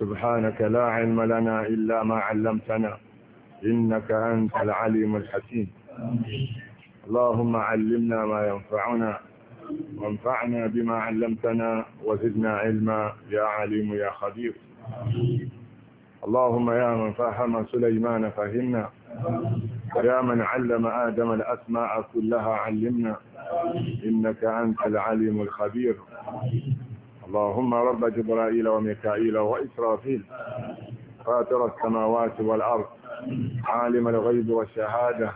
سبحانك لا علم لنا إلا ما علمتنا إنك أنت العليم الحكيم اللهم علمنا ما ينفعنا وانفعنا بما علمتنا وزدنا علما يا عليم يا خبير اللهم يا من فهم سليمان فهمنا ويا من علم آدم الأسماء كلها علمنا إنك أنت العليم الخبير اللهم رب جبرائيل وميكائيل وإسرافيل فاتر السماوات والأرض عالم الغيب والشهادة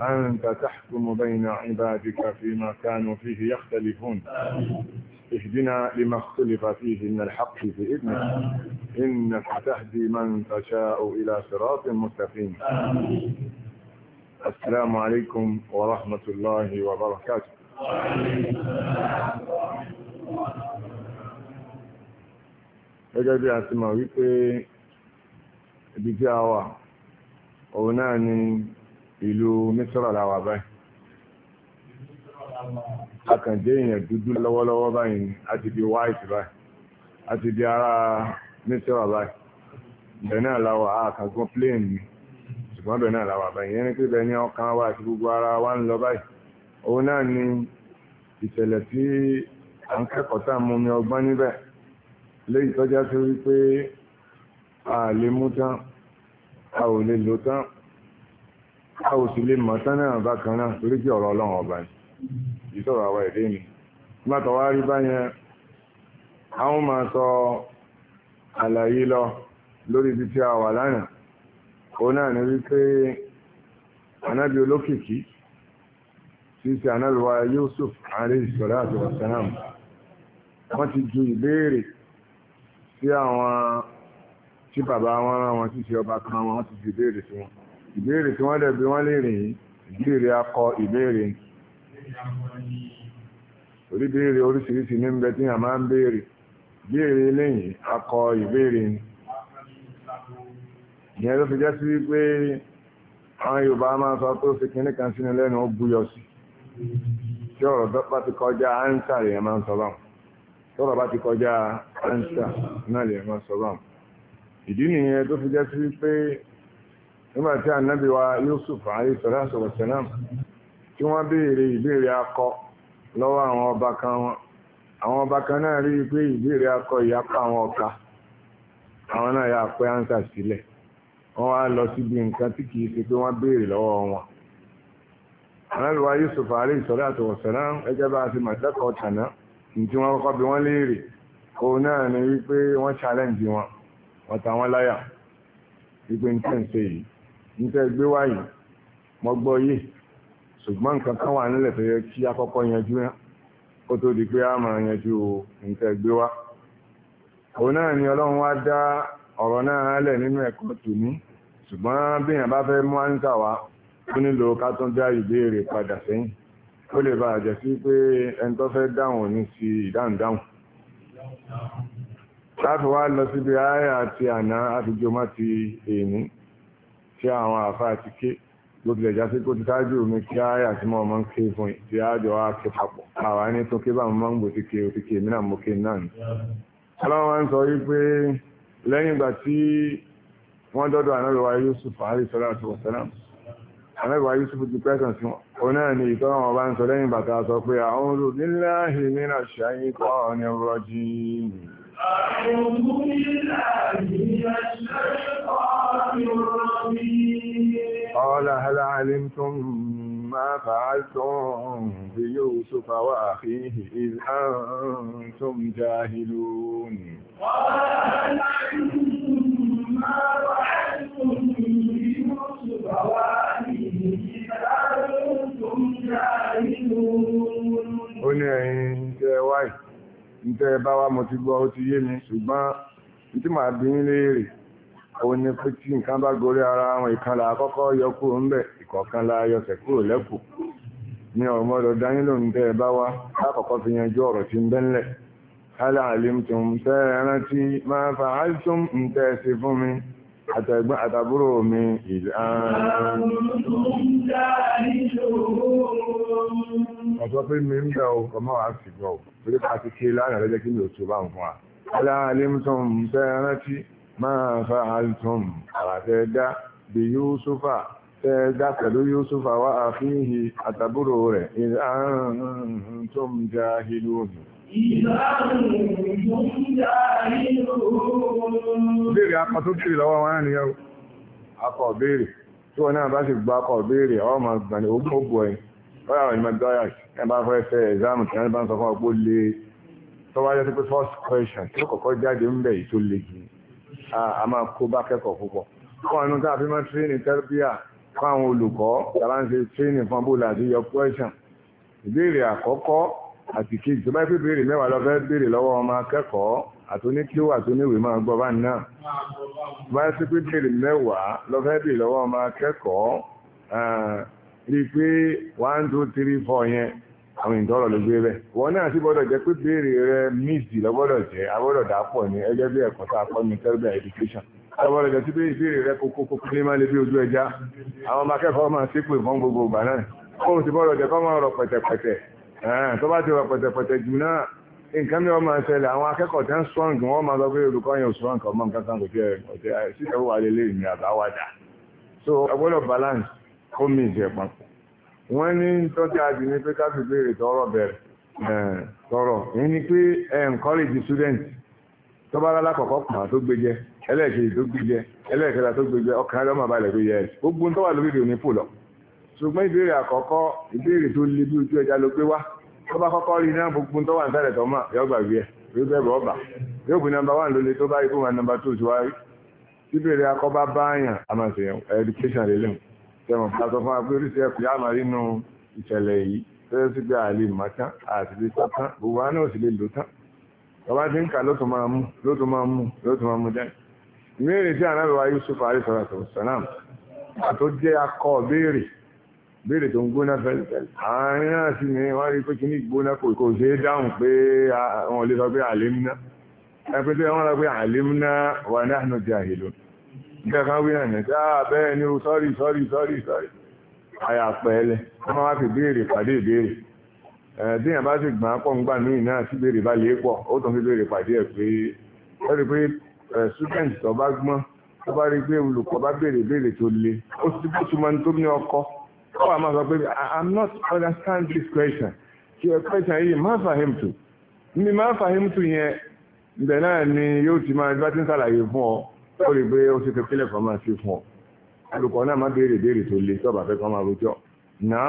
أنت تحكم بين عبادك فيما كانوا فيه يختلفون اهدنا لما اختلف فيه من الحق بإذنك إنك تهدي من تشاء إلى صراط مستقيم السلام عليكم ورحمة الله وبركاته gẹ́gẹ́ bí a ti mọ̀ wípé ibi tí a wà òun náà ni ìlú mísírà làwà báyìí akànjẹ́ èèyàn dúdú lọ́wọ́lọ́wọ́ báyìí a ti di white báyìí a ti di ara mísírà báyìí ibẹ̀ náà làwà àkàgbọ́n plane ni ṣùgbọ́n ibẹ̀ náà làwà báyìí yẹn ni pé ibẹ̀ ni ọkàn wa àti gbogbo ara wa ń lọ báyìí òun náà ni ìṣẹ̀lẹ̀ tí à ń kẹ́kọ̀ọ́ tá a mú mi ọgbọ́n níbẹ̀ léyìí tọ́já sí wípé a lè mú tán a ò lè lò tán a ò sì lè mọ̀ tán náà bákan náà torí kí ọ̀rọ̀ ọlọ́run ọba ni ìṣòro àwa èdè mi látọ̀ wá rí báyẹn àwọn máa sọ àlàyé lọ lórí ibi tí a wà lánàá òun náà ni wípé anábì olókìkí tí í ṣe anábì wa Yusuf alayhi salatu wa salam wọ́n ti ju ìbéèrè tí àwọn tí bàbá wọn rán wọn ọba kan wọn ti fi ìbéèrè sí wọn ìbéèrè tí wọn wọn lè rìn ìbéèrè akọ ìbéèrè Oribeere oríṣiríṣi ní bẹ tí a máa ń béèrè béèrè akọ ìbéèrè ìyẹn ló fi jẹ́ sí pé àwọn Yorùbá máa sọ pé ó fi kíní kan sínú lẹ́nu ó sí tí bá ti tọ́rọ̀ bá ti kọjá ánsà náà lè máa sọ báwọn ìdí nìyẹn tó fi jẹ́ sí pé nígbà tí ànábì wa Yusuf alayhi salatu wa salam tí wọ́n béèrè ìbéèrè akọ lọ́wọ́ àwọn ọba kan wọn àwọn ọba kan náà rí i pé ìbéèrè akọ ìyapa àwọn ọ̀ka àwọn náà yà pé ánsà sílẹ̀ wọ́n wá lọ síbi nǹkan tí kìí ṣe pé wọ́n béèrè lọ́wọ́ wọn ànábì wa Yusuf alayhi salatu wa salam ẹgẹ́ bá a ti màtẹ́kọ̀ọ́ tànáà tí wọ́n kọ́kọ́ bí wọ́n léèrè òun náà ni wípé wọ́n challenge wọn ọ̀tà wọn láyà wípé n tẹ́ ń ṣe yìí n tẹ́ gbé wáyé mọ́ gbọ́ yé ṣùgbọ́n nǹkan kan wà nílẹ̀ tó yẹ kí akọ́kọ́ yanjú náà ó tó di pé a máa yanjú n tẹ́ gbé wá òun náà ni ọlọ́run wá dá ọ̀rọ̀ náà lẹ̀ nínú ẹ̀kọ́ tòní ṣùgbọ́n bí èèyàn bá fẹ́ mú áńsà wá ó nílò ká tún dá ìbéèrè padà sẹ́yìn ó lè bá àjẹ́ sí pé ẹni tó fẹ́ dáhùn ní ti ìdáhùndáhùn láti wá lọ síbi ààyà àti àná àfijọmọ́ ti èní tí àwọn àfá àti ké ló tilẹ̀ já sí kó ti tájú mi kí ààyà tí mo máa ń ké fún ti àjọ wa ké papọ̀ àwa ní tó ké bá mo ń gbò sí ké òtí ké mìíràn mo ké náà ni. ọlọ́run wa ń sọ wípé lẹ́yìn ìgbà tí wọ́n dọ́dọ̀ ànábìwá Yusuf alayhi salatu wa salam ànábìwá Yusuf ti pẹ́sàn sí wọn náà ni ìtọ́rọ̀ ọba ń sọ lẹ́yìn bàtà sọ pé a'udhu billahi minash shaytanir rajim a'udhu billahi minash shaytanir rajim qala hal 'alimtum ma fa'altum bi Yusufa wa akhihi idh antum jahilun ma fa'altum bi Yusufa wa akhihi ó ní ẹ̀yin tẹ́ wáì nítẹ́ bá wá mo ti gbọ́ ó ti yé mi ṣùgbọ́n tí màá bí ń léèrè òun ni pé tí nǹkan bá gorí ara àwọn ìkànlá àkọ́kọ́ yọ kúrò ń bẹ̀ ìkọ̀ọ̀kan la yọsẹ̀ kúrò lẹ́kù ní ọmọ ọ̀dọ̀ dání lónìí tẹ́ bá wá lákọ̀ọ́kọ́ fi yanjú ọ̀rọ̀ tí ń bẹ́ńlẹ̀ hálà àlímtùm tẹ́ ẹ rántí máa fa àìsùn ń tẹ́ ẹ sí fún mi àtẹ̀gbọ́n àtàbúrò mi ìlànà. ọ̀sọ́ pé mi ń bẹ̀ o ọmọ wa sì gbọ́ o torí ká ti ké lánàá lọ́jọ́ kí mi Yusufa tẹ́ dá pẹ̀lú Yusufa wá àfihì àtàbúrò rẹ̀ ìlànà tó ń já hìlú òní. Béèrè akọ tó béèrè lọ́wọ́ wọn náà nìyàwó. Akọ béèrè. Tí wọn náà bá sì gba akọ béèrè, ọ máa gbà ní ogún ògbò ẹ̀yìn. Ó yàrá ìmọ̀ dọ́yà ẹ̀ bá fẹ́ fẹ́ ẹ̀zámù tí wọ́n bá ń sọ fún ọ̀pọ̀ lé. Tó wá jẹ́ pé first question tí ó kọ́kọ́ jáde ń bẹ̀ yìí tó le jù. A máa kó bá kẹ́kọ̀ọ́ púpọ̀. Fún àwọn tá a fi máa tírénì tẹ́lifíà fún àwọn olùkọ́, tàbá ń ṣe tírénì fún abúlé àti yọ question. Ìbéèrè àkọ́kọ́ àti kejì tó bá pé béèrè mẹ́wàá lọ fẹ́ béèrè lọ́wọ́ ọmọ akẹ́kọ̀ọ́ àtúníkíó àtúníwèé máa gbọ́ bá náà tó bá pé béèrè mẹ́wàá lọ fẹ́ béèrè lọ́wọ́ ọmọ akẹ́kọ̀ọ́ rí i pé one two three four yẹn àwọn ìdọ́rọ̀ ló gbé bẹ́ẹ̀ wọn náà sì gbọ́dọ̀ jẹ́ pé béèrè rẹ míìsì lọ́gbọ́dọ̀ jẹ́ agbọ́dọ̀ dàpọ̀ ní ẹgbẹ́ bí ẹ̀kọ́ tá a kọ́ ní tẹ́lẹ̀ education lọ́gbọ́dọ̀ jẹ́ sí pé ìbéèrè rẹ kókó kókó lé má lè bí ojú ẹja àwọn ọmọ akẹ́kọ̀ọ́ máa ṣépè fún gbogbo ìgbà náà kóun sì gbọ́dọ̀ jẹ́ kọ́ máa rọ pẹ̀tẹ̀pẹ̀tẹ̀ tó bá ti wà pẹ̀tẹ̀pẹ̀tẹ̀ jù náà nǹkan mi wọ́n máa ṣẹlẹ̀ àwọn akẹ́kọ̀ọ́ tẹ́ ń strong wọ́n máa sọ pé olùkọ́ yẹn strong ọmọ nǹkan kan kò tiẹ̀ ọ̀tẹ̀ síta wà lélẹ̀ ìmì àbáwádà so agbọ́dọ̀ balance kó mi ìjẹ papọ̀ wọ́n ní tọ́jú àdì ní pé káfí béèrè tọrọ bẹ̀rẹ̀ tọrọ èyí ni pé encourage student tó bá rárá kọ̀kọ́ kàn tó gbé jẹ ẹlẹ́ẹ̀kejì tó gbé jẹ ẹlẹ́ẹ̀kẹta tó gbé jẹ ọkàn rẹ̀ ọmọ balẹ̀ gbé jẹ gbogbo tó wà ṣùgbọ́n ìbéèrè àkọ́kọ́ ìbéèrè tó le bí ojú ẹja ló gbé wá tó bá kọ́kọ́ rí náà gbogbo tó wà nísàlẹ̀ tó mọ̀ yọ gbàgbé ẹ̀ yóò bẹ̀rù ọba yóò bu nọ́mbà wà lólè tó bá ikú wa nọ́mbà tó ti wá rí ìbéèrè akọ́bá báyàn àmàṣeyàn education lè lẹ́hùn tẹ̀wọ̀n pàtó fún wa pé oríṣi ẹ̀kọ́ yá máa rí nù ìṣẹ̀lẹ̀ yìí tẹ́lẹ̀ sí pé àlè mọ̀ tán àti lè sọ tán gbogbo wa náà sì lè lò tán bàbá ti ń kà ló tún béèrè tó ń gbóná fẹ́lifẹ́lì àárín náà sì ni wọ́n rí pé kí ní gbóná kò kò ṣe é dáhùn pé wọ́n lè sọ pé àlémúná ẹgbẹ́ tó yẹ wọ́n rọ pé àlémúná wà náà nù jẹ́ àhèlò nígbà kan wí náà nìta ah, bẹ́ẹ̀ ni o sọ́rí sọ́rí sọ́rí sọ́rí àyà pẹ́ẹ́lẹ̀ wọ́n máa fi béèrè pàdé ìbéèrè ẹ̀ẹ́dẹ́yìn bá sì gbọ́n pọ̀ ńgbà míì náà sí béèrè bá lè pọ̀ ó tún fi béèrè pàdé ẹ̀ pé Káwà máa sọ I'm not understand this question. Kí ẹ question yìí máa fàhìm tù. Mi máa fàhìm tù yẹn ibẹ̀ náà ni yóò ti máa bá ti ń ṣàlàyé fún ọ. Ó rí i pé ó ṣe kékeré kan máa ṣe fún ọ. Olùkọ́ náà máa béèrè béèrè tó le tọ́ba fẹ́ kan máa rojọ́. Nàá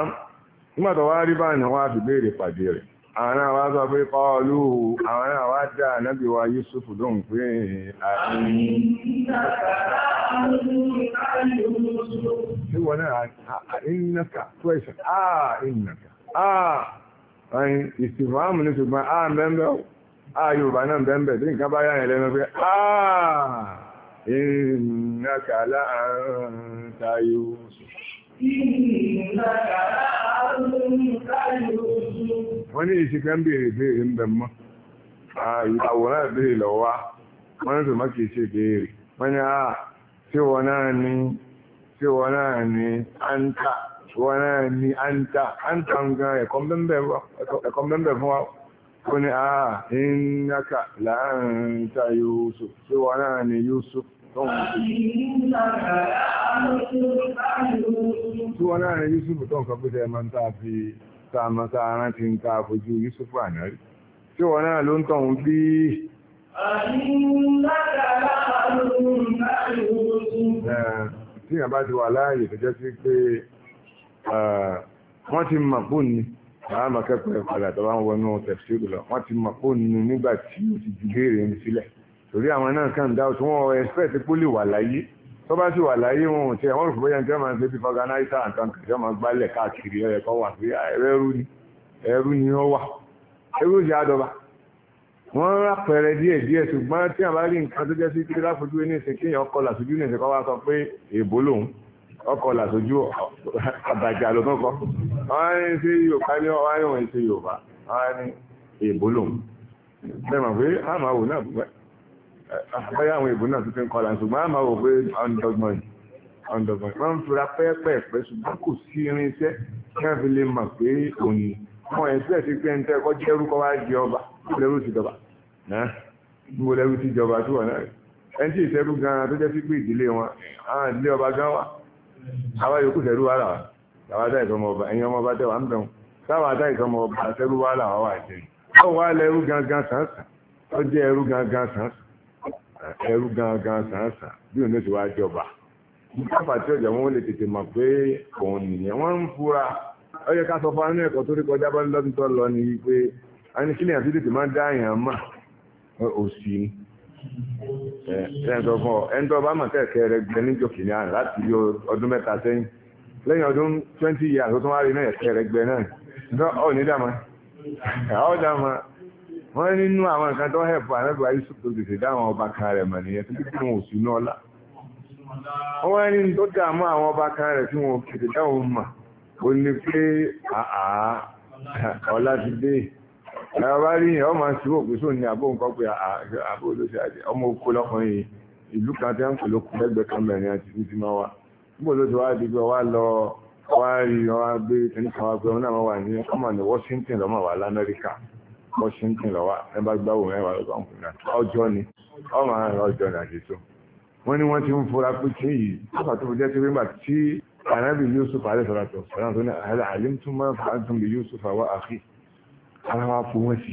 nígbà tó wá rí báyìí wá fi béèrè pàdé rẹ̀. Àwọn náà wá sọ pé kọ́ọ̀lù àwọn náà wá dá ànábì wa Yusuf lóhùn pé àìní wọ́n náà ìnàkà question ah ìnàkà ah ẹ̀yìn ìsìnkú àmì ní ṣùgbọ́n ah bẹ́ẹ̀ ah yorùbá náà bẹ́ẹ̀ tí nǹkan bá yà yẹn lẹ́nu pé ah ìnàkà láàrín ayò wọ́n ní ìṣìkà ń bèèrè bèèrè ń bẹ̀ mọ́ ah, àwòrán ìbèèrè lọ́wọ́ wọ́n ní tòmọ́ kìí ṣe bèèrè wọ́n ní àà ah, tí wọ́n náà ní pé wọ́n náà ní áńtà wọ́n náà ní áńtà áńtà nǹkan ẹ̀kọ́ mbẹ́mbẹ́ fún wa ó ní àà ìnáka láàáńtà Yusuf pé wọ́n náà ní Yusuf tí wọ́n náà ní Yusuf tó nǹkan pé tẹ́ máa ń tà fi tààmà tààrà ti ń ta àfojú Yusuf ànárí tí wọ́n náà ló ń tọ̀hún bí i Yeah tí yàn bá ti wà láàyè tó jẹ́ sí pé wọ́n ti mọ̀ pò ní àwọn àmọ̀kẹ́kọ̀ọ́ ìpadà tó bá ń wọnú tẹ̀síìrì lọ wọ́n ti mọ̀ pò ní nígbà tí ó ti ju béèrè ń sílẹ̀ torí àwọn náà kàn dá òtún wọn ẹ̀sìpẹ̀tì pó lè wà láyé tó bá sì wà láyé wọn ò tiẹ̀ wọ́n rò bóyá nígbà máa ń ṣe bí fọganáìsà nǹkan kìjọ́ máa gbálẹ̀ káàkiri ẹ̀kọ́ wà pé ẹrú ni ẹrú ni ó wà ẹrú ni á dọba wọ́n rà pẹ̀rẹ̀ díẹ̀ díẹ̀ ṣùgbọ́n tí àbá rí nǹkan tó jẹ́ sí pé láfojú ní ìsìn kí ọkọ̀ làṣojú ní ìsìn kan wá sọ pé èèbó lòun ọkọ̀ làṣojú àbàjá ló tán kọ́ wọ́n á ní sí yorùbá ní ọwọ́ ayé wọn ṣe yorùbá wọ́n á ní èèbó lòun bẹ́ẹ̀ mọ̀ pé a máa wò náà bẹ́ẹ̀ àwọn èèbó náà tuntun kọ́ la ṣùgbọ́n a máa wò pé ọ̀ndọ̀gbọ̀n ọ̀ndọ̀gbọ̀n wọ́n ń fura pẹ́ẹ́pẹ́ẹ́pẹ́ ṣùgbọ́n kò sí irinṣẹ́ kí náà gbogbo lẹ́rú tí ìjọba tó wà náà ẹni tí ìṣẹ́rú gan-an tó jẹ́ sí pé ìdílé wọn àwọn ìdílé ọba gan wà àwa yòókù ṣẹ́rú wà làwà táwa dá ìsọmọ ọba ẹ̀yin ọmọ ọba tẹ wà ń bẹ̀rù táwa dá ìsọmọ ọba ṣẹ́rú wà làwà wà jẹ́ ọ wà lẹ́rú gangan sàǹsàn ó jẹ́ ẹrú gangan sàǹsàn ẹrú gangan sàǹsàn bí òun ló ti wá jọba nígbà tí ọjà wọn lè tètè mọ̀ pé òun nìyẹn wọ́n ń fura ó yẹ ká sọ fún anú ẹ̀kọ́ tó rí kọjá bá ń lọ́dún tó lọ ni wípé a ní kílẹ̀ àti tètè máa dá àyàn máa òsì ni ẹ̀ẹ́dọ̀ fún ọ ẹ̀ńtọ́ bá mọ̀ tẹ̀kẹ́ rẹ gbẹ níjọ kìíní àná láti yọ ọdún mẹ́ta sẹ́yìn lẹ́yìn ọdún twenty years tó tún wá rí náà ẹ̀kẹ́ rẹ gbẹ náà ǹjọ́ ọ̀ ní dàmọ́ ọ̀ dàmọ́ wọ́n nínú àwọn nǹkan tó hẹ̀pù àrẹ́gbà Yusuf tó tètè dáwọn ọba kan rẹ̀ mọ̀ nìyẹn tó tètè wọn òsì náà lá wọ́n ní tó dààmú àwọn ọba kan rẹ̀ tí wọn tètè dáwọn mọ̀ ó ní pé àà ọlá ti dé ẹ̀rọ bá rí yẹn ọmọ sí òpin sóun ní àbó nǹkan pé àbó ló ṣe àjẹ ọmọ òkú lọkùnrin ìlú kan tí wọ́n ń pè lókun lẹ́gbẹ̀ẹ́ kan mẹ́rin àti títí máa wà níbo ló ti wá di pé wá lọ wá rí wá gbé ẹni kan wá pé wọn náà wà ní ọmọ ní Washington lọ́mọ wà l'Amẹ́ríkà Washington lọ́wọ́ ẹ bá gbáwò mẹ́wàá lọ́gbà ọ̀hún náà ọjọ́ ni ọmọ àwọn ọjọ́ ni àdìsó wọ́n ní wọ́n ti ń fura pé kí yìí ọ̀pá tó fi jẹ́ pé nígbà tí Ànábì Yusuf alẹ́ sọ̀rọ̀ tó sọ̀rọ̀ tó ní àhẹ́lẹ́ àlẹ́ tó máa ń ara wa fún wọn sí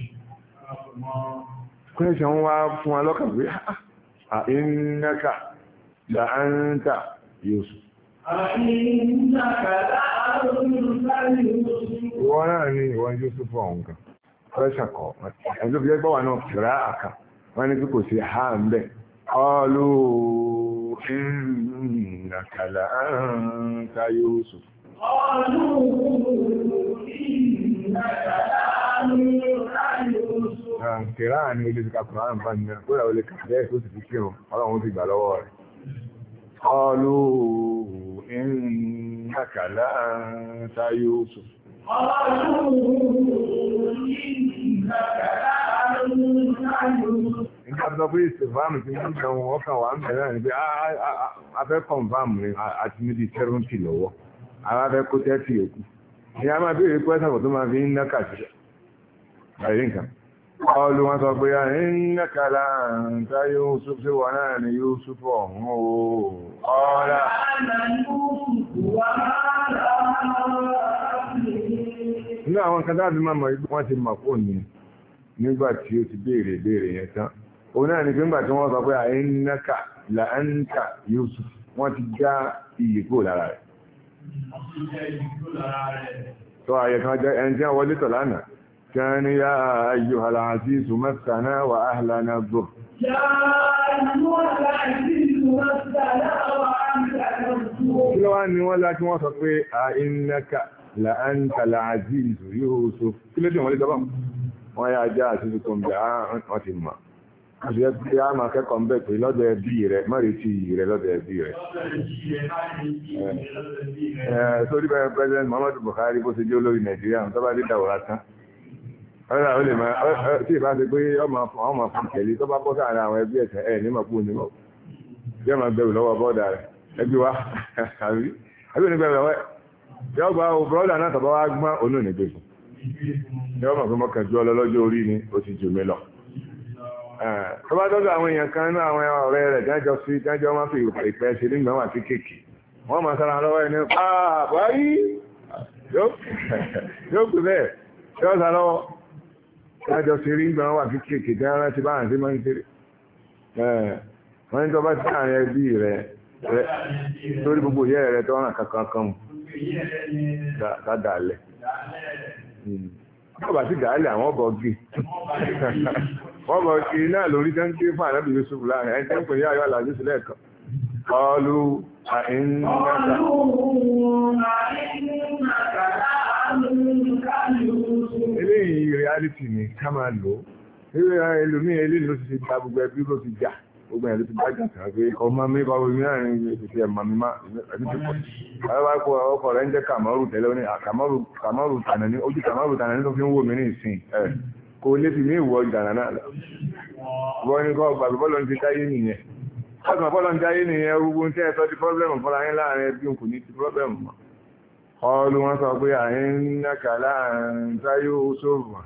kúrẹ́sì wọn wá fún wa lọ́kàn pé ah, ah, à ìnáka là ń tà yóò sùn. Ìwọ náà ni ìwọ Yusuf ọ̀hún kan, kúrẹ́sì kọ̀, ẹni tó fi jẹ́ gbọ́ wà náà kìrá àkà, wọ́n ní kí kò sí ha ń bẹ̀. قالوا إنك لأنت يوسف قالوا إنك لأنت Kìrá ni olè ti kàkùnrà ń bá nìyàn, kó ìràwọ̀ lè kàkùnrà tó sì fi kí wọn, ọlọ́run ti gbà lọ́wọ́ rẹ̀. Ọlú ìrìnàkàlá táyé oṣù. Nígbà tó pé ìsìnfàmù ti ń gbà wọn ọkàn wà ń bẹ̀rẹ̀ ah, ah, ah, ní pé afẹ́ fẹ́ kó àìrí nǹkan ọlù wọn sọ pé ẹ̀yìnkàlà ta Yusuf sí wọ́n náà ni Yusuf ọ̀hún ọ̀rá ní àwọn kan dábí máa mọ̀ igbó wọ́n ti mọ̀ fún ní nígbà tí ó ti béèrè béèrè yẹn tán òun náà ni pé nígbà tí wọ́n sọ pé ẹ̀yìnkà làǹkà Yusuf wọ́n ti já iyì kúrò lára rẹ̀ كان يا أيها العزيز مسنا وأهلنا الضر يا أيها العزيز مسنا وأهلنا الضر لو أني ولكن وصف إنك لأنت العزيز يوسف كل يوم ولد بام ويا جاسسكم بعاء وتما àti ẹgbẹ́ a máa kẹ́kọ̀ọ́ ń bẹ̀ pé lọ́dọ̀ ẹbí rẹ̀ mọ́rin ti yìí rẹ̀ lọ́dọ̀ ẹbí rẹ̀. sórí bẹ́ẹ̀ president Muhammadu Buhari bó ṣe jẹ́ olórí Nàìjíríà tó bá dé dàwọ̀ látán ọ̀rẹ́ra ó lè máa tí ìbá ti pé ọmọ fún tẹ̀lé tó bá bọ́ sáàrin àwọn ẹbí ẹ̀sẹ̀ ẹ̀ nímọ̀ kú nímọ̀ yóò máa bẹ̀rù lọ́wọ́ bọ́ọ̀dà rẹ̀ ẹbí wa àbí àbí òní lọ́wọ́ yóò gba o bọ́ọ̀dà náà tọ́ba wá gbọ́n onú nígbè fún yóò mọ̀ pé mo ju ọlọ́jọ́ orí ni ó ti jù mí lọ. tó bá dọ́dọ̀ àwọn èèyàn kan náà àwọn ọ̀rẹ́ rẹ̀ dájọ́ sí dájọ́ ah, yóò pè bẹ́ẹ̀ yóò sára lọ́wọ́ lájọ ṣe rí ìgbà wà kéékèèké tí ara ti bá àǹtí máa ń ṣeré wọ́n bá àárín ẹbí lórí gbogbo ìyẹ́ rẹ̀ tó ràn kankan kan mu hmm. bá àwọn gé wọ́n bọ̀ kí lórí tẹ́ ń fún láàrin ẹni tẹ́ ń pè ní ayọ́ àlàyé sílẹ̀ kan ọlú ọlú reality ni ká máa lò ó nígbà ẹlòmíì eléyìí ló ti ṣe gba gbogbo ẹbí ló ti jà gbogbo ẹ̀ ló ti dájà kan pé ọmọ mi bá wọlé náà ní ìfìfì ẹ̀mọ́ mi má ẹni tó pọ̀ àwọn bá kọ ọkọ̀ rẹ̀ ń jẹ́ kàmọ́rù tẹ́lẹ̀ ó ní kàmọ́rù tànà ní ojú kàmọ́rù tànà ní tó fi ń wò mí ní ìsìn ẹ̀ kò lè fi mí wọ ìdànà náà lọ. ní kọ́ gbàgbé bọ́ọ̀lù ti dáyé nìyẹn bọ́ọ̀lù ti dáyé nìyẹn gbogbo ń tẹ́ ẹ sọ ti pọ́blẹ́mù fọ́ra yín láàrin ẹbí òkú ní ti pọ́blẹ́mù mọ́. Ọlú wọn sọ pé àyín náka láàrin táyé Òṣòfò.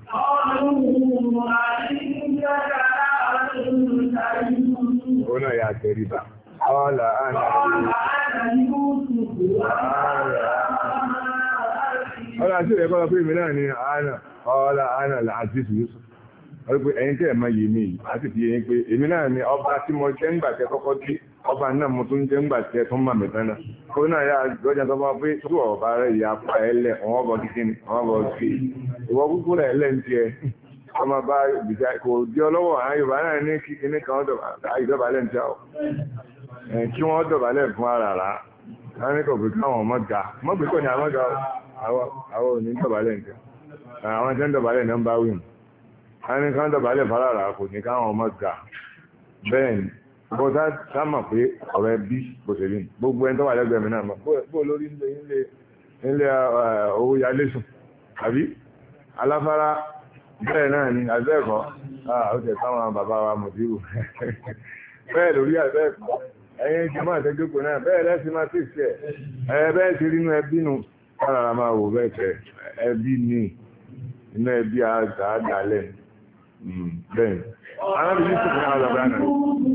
Ó ya yà tẹríba. Ọlá àná Ọlá sí ẹ̀kọ́ lọ pé ìmì náà ni àánà, ọlá àánà láti sí Yusuf. Ọlọ́pẹ́ ẹ̀yìn tẹ́ẹ̀ máa yìí mi, àti fi yẹn pé èmi náà ni ọba tí mo jẹ́ ń gbà ọba náà mo tún jẹ́ ńgbà tí ẹ tún mà mí tán náà kó náà yà lọ́jà tó bá pé tó ọba rẹ̀ yà pa ẹ lẹ̀ wọ́n bọ̀ kíkí ni wọ́n bọ̀ sí ìwọ kúkú rẹ̀ lẹ̀ ń tiẹ̀ ọmọ bá ìbìjà kò di ọlọ́wọ́ àwọn Yorùbá náà ní kíkí ní kan ìdọ̀bálẹ̀ ń tẹ́ ọ kí wọ́n dọ̀bálẹ̀ fún ara rà á kò pé káwọn ọmọ bó tá tá mọ̀ pé ọ̀rọ̀ ẹbí bó ṣe rí gbogbo ẹni tó wà lẹ́gbẹ̀ẹ́ mi náà mọ̀ bó lórí ilé ilé ilé uh, owó yalésùn àbí aláfárá bẹ́ẹ̀ náà ni àbẹ́ẹ̀kọ́ ah, ó tẹ̀ sáwọn bàbá wa mọ̀dírù bẹ́ẹ̀ lórí àbẹ́ẹ̀kọ́ ẹ̀yìn tí máa tẹ́jókòó náà bẹ́ẹ̀ lẹ́sìn máa tí ìṣẹ́ ẹ̀ bẹ́ẹ̀ ti rí inú ẹbí nu kára máa wò bẹ́ẹ̀ tẹ̀ ẹbí ni inú ẹbí àádálẹ̀ hmm, bẹ́ẹ̀ arábìnrin sì fún àwọn àbúrò náà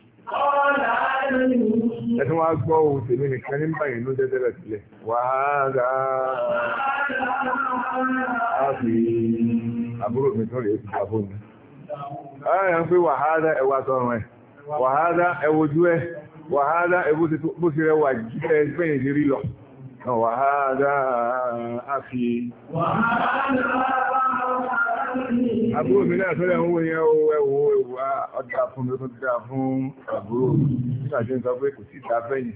ẹtún wá gbọ́ ohun tèmi nìkan ní báyìí ló dẹ́dẹ́rẹ́ sílẹ̀ wàhálà àfi àbúrò mi tún rèé fún àbúrò mi. ẹ ń pè wàhálà ẹwà sọ̀rọ̀ ẹ̀ wàhálà ẹwojú ẹ ahụ. ẹbú ti bó ti rẹwà jíjẹ gbẹ̀yìn ti ahụ. àfi. wàhálà àfi. àbúrò mi náà sọ́lẹ̀ ń wò yẹn o ẹwò ẹwò ọjà fún mi tó ti dáa fún àbúrò nígbà tí ń sọ pé kò sí ìdá fẹ́yìn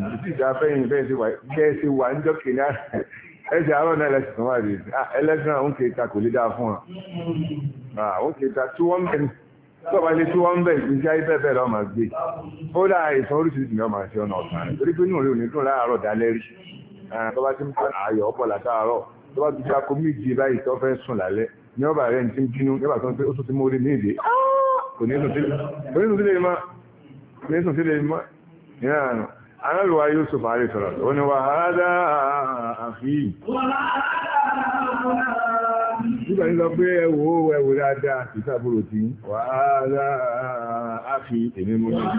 kò sí ìdá fẹ́yìn bẹ́ẹ̀ ṣe wà níjọ́ kìíní ẹ̀ṣẹ̀ àárọ̀ náà ẹlẹ́sìn tó wà rí ah, ẹlẹ́sìn àwọn kì í ta kò lè dáa fún wa ah, àwọn kì í ta tí wọ́n bẹ̀rẹ̀ tọ́ba lé tí wọ́n bẹ̀ ìgbésí ayé bẹ́ẹ̀ bẹ́ẹ̀ lọ́mọ gbé ó dá ìsan oríṣiríṣi ní ọmọ àti ọ̀nà ọ̀sán torí pé inú rẹ̀ ò ní dùn láàárọ̀ dálẹ́rí ah, tọ́ba ti ń bá ààyò ọ̀pọ̀ látàárọ̀ tó bá ti di akọ méje báyìí tó fẹ́ sùn lálẹ́ ní ọba rẹ̀ ti ń bínú ní ọba tó ń pé ó tún ti mórí ní èdè kò ní sùn sílẹ̀ mọ́ kò ní sùn sílẹ̀ mọ́ ìyá àná análuwa Yusuf àrí sọ̀rọ̀ ó ní wàhálà àfihì nígbà ní pé ẹwò ẹwò dáadáa ìsàbúrò tí wàhálà àfihì èmi mú ní ọjọ́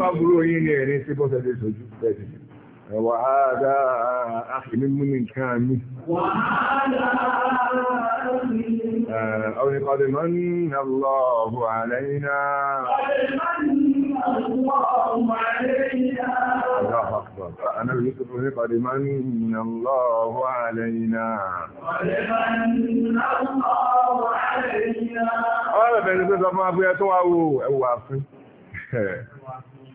bá burú yín ní ẹ̀rín sí bọ́sẹ̀ ẹ̀wà àádá àhìmí mú ní nǹkan mi. ọ̀rìn kọ̀dì mọ́ ní ọlọ́ọ̀bù àlẹ́yìnà أنا يوسف قد من الله علينا قال بني سيدنا ما أبو يتوعو أو عفو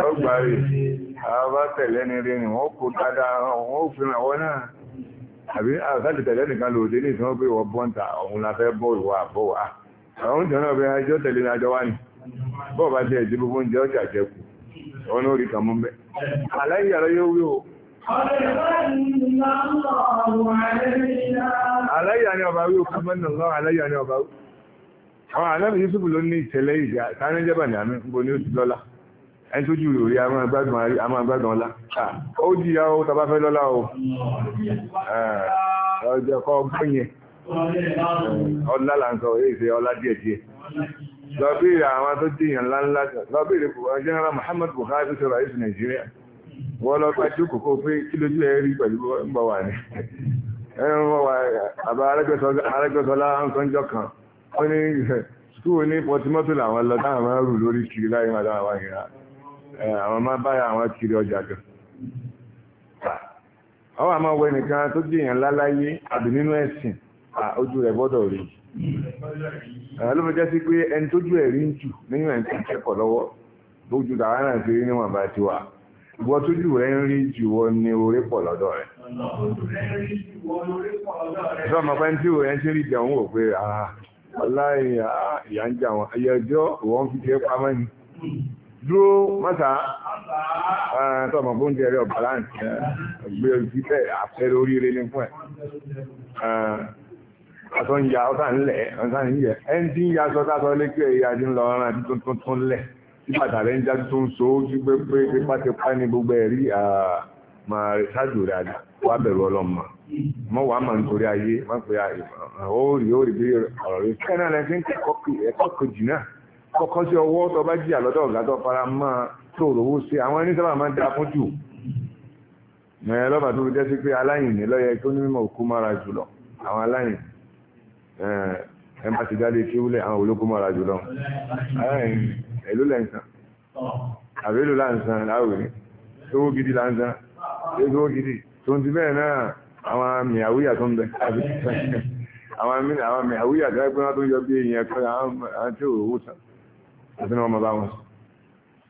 lọ́gbàrí àbá tẹ̀lẹ́ ní rí ni wọ́n kò dáadáa wọ́n ò fìràn wọ́n náà àbí àkáàtì tẹ̀lẹ́ nìkan dé ní ìsinmi pé wọ́n bọ́ǹta ọ̀hun la fẹ́ bọ́ ìwà àbọ̀ àwọn oúnjẹ náà bẹ́ẹ̀ ajọ́ tẹ̀lé ní ajọ́ wá ní bọ́ọ̀ jẹ́ ìdí gbogbo oúnjẹ ọjà jẹ kù wọn ló rí kàmú bẹ́ẹ̀ aláyé àlọ́ yóò wí o. aláyé àni ọba wí òkú mẹ́rin lọ́wọ́ aláyé àni ọba ẹni tó jù rí a máa gbádùn ọlá ó jí ya ó tàbá fẹ́ lọ́lá o ọjọ́ kọ́ gbóyẹ ọlá làǹkọ̀ èsè ọlá díẹ̀díẹ̀ lọ́bìrì àwọn tó jíyàn ńláńlá lọ́bìrì general Muhammad Buhari tó rà ìsìn Nàìjíríà wọ́n lọ pẹ́ tí kòkó pé kí lójú ẹ rí pẹ̀lú mbọ̀ wà ní ẹni wọ́n wà àbá arẹ́gbẹ́sọlá ń sọ́njọ́ kan ó ní skúù ní pọtimọ́tò làwọn lọ táwọn máa rù lórí kiri láyé máa dáwọn wáyé náà àwọn máa bára àwọn kiri ọjà gan ọwọ́ àmọ́ wẹ nìkan tó jìyàn láláyé àbí nínú ẹ̀sìn ojú rẹ̀ gbọ́dọ̀ rí ló fi jẹ́ sí pé ẹni tójú ẹ̀ rí ń jù nínú ẹ̀ ń tó kẹ́kọ̀ọ́ lọ́wọ́ náà ti rí níwọ̀n bá ti wà ìwọ tójú rẹ̀ ń rí jù wọ ní orí pọ̀ lọ́dọ̀ rẹ̀ ọmọ pẹ́ ṣe rí wò pé ọjọ́ dúró mọ́ta tọ́mọ̀ bó ń jẹrẹ ọ̀bà láǹtì gbé ojú fẹ́ àfẹ́rẹ́ oríire ní fún ẹ̀ àtọ́ ń ya ọ́tà ńlẹ̀ ọ̀tà ń yẹ ẹni tí ń ya aṣọ tásọ lékè ẹ̀yà ti ń lọ ọ̀ràn àti tuntun tó ń lẹ̀ tí bàtà rẹ̀ ń já tó ń so ó sí pé pé tipátipá ní gbogbo ẹ̀rí máa ṣáàjò rẹ̀ àdá wà bẹ̀rù ọlọ́mọ mọ wàá máa ń torí ayé má pé ó rí ó rí bí ọ̀rọ̀ rẹ̀ fẹ́ náà lẹ́sìn kẹ́kọ̀ọ́ kejì náà kọ́kọ́ sí ọwọ́ tó bá jìyà lọ́dọ̀ ọ̀gá tó fara mọ́ tó rówó sí àwọn ẹni sábà máa ń da fún jù mẹ́rin lọ́bàá tó jẹ́ sí pé aláìní lọ́yẹ tó ní mímọ̀ òkú mara jùlọ àwọn aláìní ẹ má ti jáde kí wúlẹ̀ àwọn olókú mara jùlọ aláìní èló lẹ́ǹkan àbélò láǹsan láwùrí owó gidi láǹsan owó gidi tó ti bẹ́ẹ̀ náà àwọn mìàwúyà tó ń bẹ àwọn mìàwúyà tó ń yọ bí èèyàn kan àwọn tí ò wò sàn àti ní ọmọ bá wọn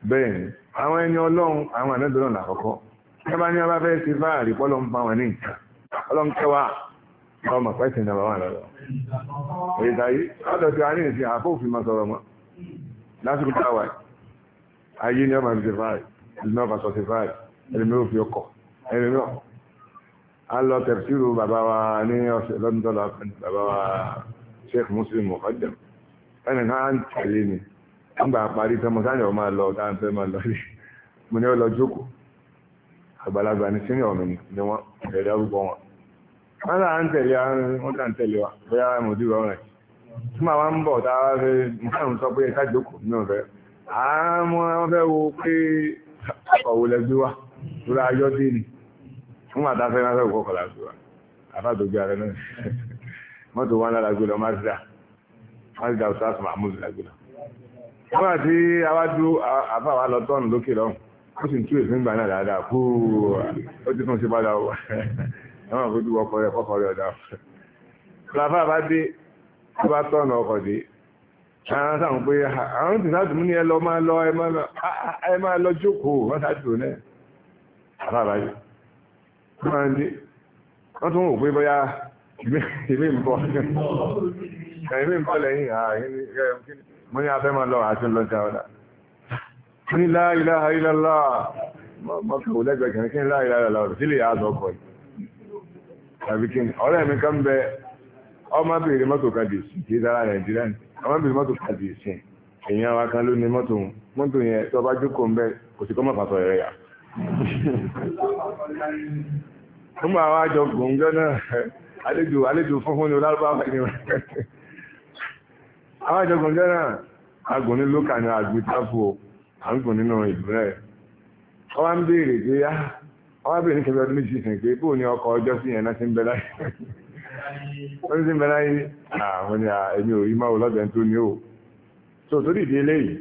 bẹ́ẹ̀ ni àwọn ẹni ọlọ́run àwọn ànẹ́dọ́lọ́run làkọ́kọ́ ẹbá ní ọba fẹ́ ṣe bá àrípọ́lọ́ ń bá wọn ní nǹkan ọlọ́run kẹwàá ọmọ pẹ́sìn náà wà lọ́dọ̀ èyí tàyí ọ̀dọ̀ tí a ní ìsìn àfóòfin máa sọ̀rọ̀ mọ́ lásìkò táwà ayé ní ọba ṣe fáì ìlú ọba sọ ṣe fáì ẹlẹ́mi ò fi ọkọ̀ ẹlẹ́mi ọ̀ a lọ tẹ̀síru bàbá wa ní ọ̀sẹ̀ lọ́dún tọ́lọ́ bàbá wa Sheikh Muslim Muqaddam ẹnì kan á ń tẹ̀lé ni àgbà parí tọmọ sáyẹn ọmọ lọ táwọn fẹ́ máa lọ rí mo ní ọ lọ jókòó àgbàlagbà ní sínú ọmọ ni wọn ẹ̀rẹ́ arúgbó wọn wọn là ń tẹ̀lé wọn là ń tẹ̀lé wa bóyá mo dúró ọ̀rẹ́ tí màá wọn ń bọ̀ tá a fẹ́ nǹkan sọ pé ká jókòó ní ọ̀fẹ́ àmọ́ wọn fẹ́ wo pé ọ̀wọ̀ lẹ gbé wa lórí ayọ́ dé ni wọn máa dáfẹ́ náà fẹ́ kọ́kọ́ la gbé wa àfàdó Nígbà tí awájú àfàwà lọ tọ́nù lókè lọ, ó sì ń tú èsì ńgbà náà dáadáa kú ó ti tún ṣe padà wọ̀. Ẹ̀wọ̀n àfojú ọkọ̀ rẹ̀ kọ́kọ́ rẹ̀ ọ̀dà. Láfà bá dé, ó bá tọ́nù ọkọ̀ dé. Àwọn sáà pé àwọn tí sáàtì mú ẹ lọ máa lọ ẹ máa lọ jókòó wọ́n sáàtì náà. Àfà bá dé. Wọ́n máa ń dé. Wọ́n tún wò pé bóyá ìmí ń bọ̀. Ìmí ń bọ̀ lẹ́yìn àárín mo ní afẹ́ máa lọ àti lọ sí àwọn ní la ilaha illallah mọ́kànlá lẹ́gbẹ̀ẹ́ kìíní kí ní la ilaha illallah sí lè yàtọ̀ ọkọ̀ yìí tàbí kí ni ọ̀rẹ́ mi kan bẹ ọmọbìnrin mọ́tò kan dì sí kí dára nàìjíríà ni ọmọbìnrin mọ́tò kan dì sí èèyàn wa kan ló jọ náà àlejò àlejò funfun ni olárúbáwá ni wọ́n àwọn ìjọgbọ̀n jẹ́rà agùn ní lókà ní agùn táfù nínú ọ ń béèrè pé á ah, ọ wá ní kẹfẹ́ ọdún méjì sìn pé bóò ní ọkọ̀ ọjọ́ sí yẹn náà ń bẹ láyé ti ń bẹ láyé àwọn ni èmi ò rí máa wò lọ́dẹ̀ tó ní o tó tó dìde eléyìí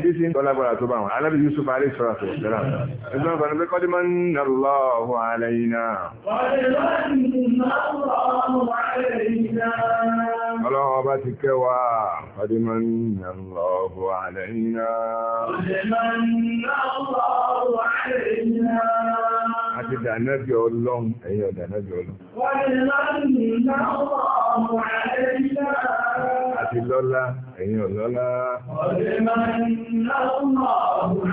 kí sí ń tọ́ tó bá wọn alábi Yusuf alẹ́ ẹgbẹ́ ọlọ́run ọba ti kẹwàá fàdímọ̀ nínú ọ̀bọ̀ ti dànábì ọlọ́run ẹ̀yin ọ̀dànábì ọlọ́run. Àti lọ́lá ẹ̀yin ọ̀lọ́lá. Àwọn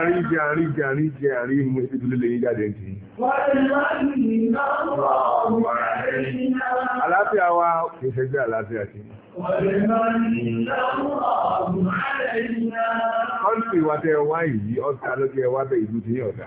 àríjẹ àríjẹ àríjẹ àrí mú ibi tó jáde kì í. Àlàáfíà wa kìí ṣẹ́gbẹ́ àlàáfíà kìí. Kọ́ńtì wa tẹ́ wá yìí, ọ̀tá ló jẹ́ wá bẹ̀ ìlú ti ní ọ̀dà.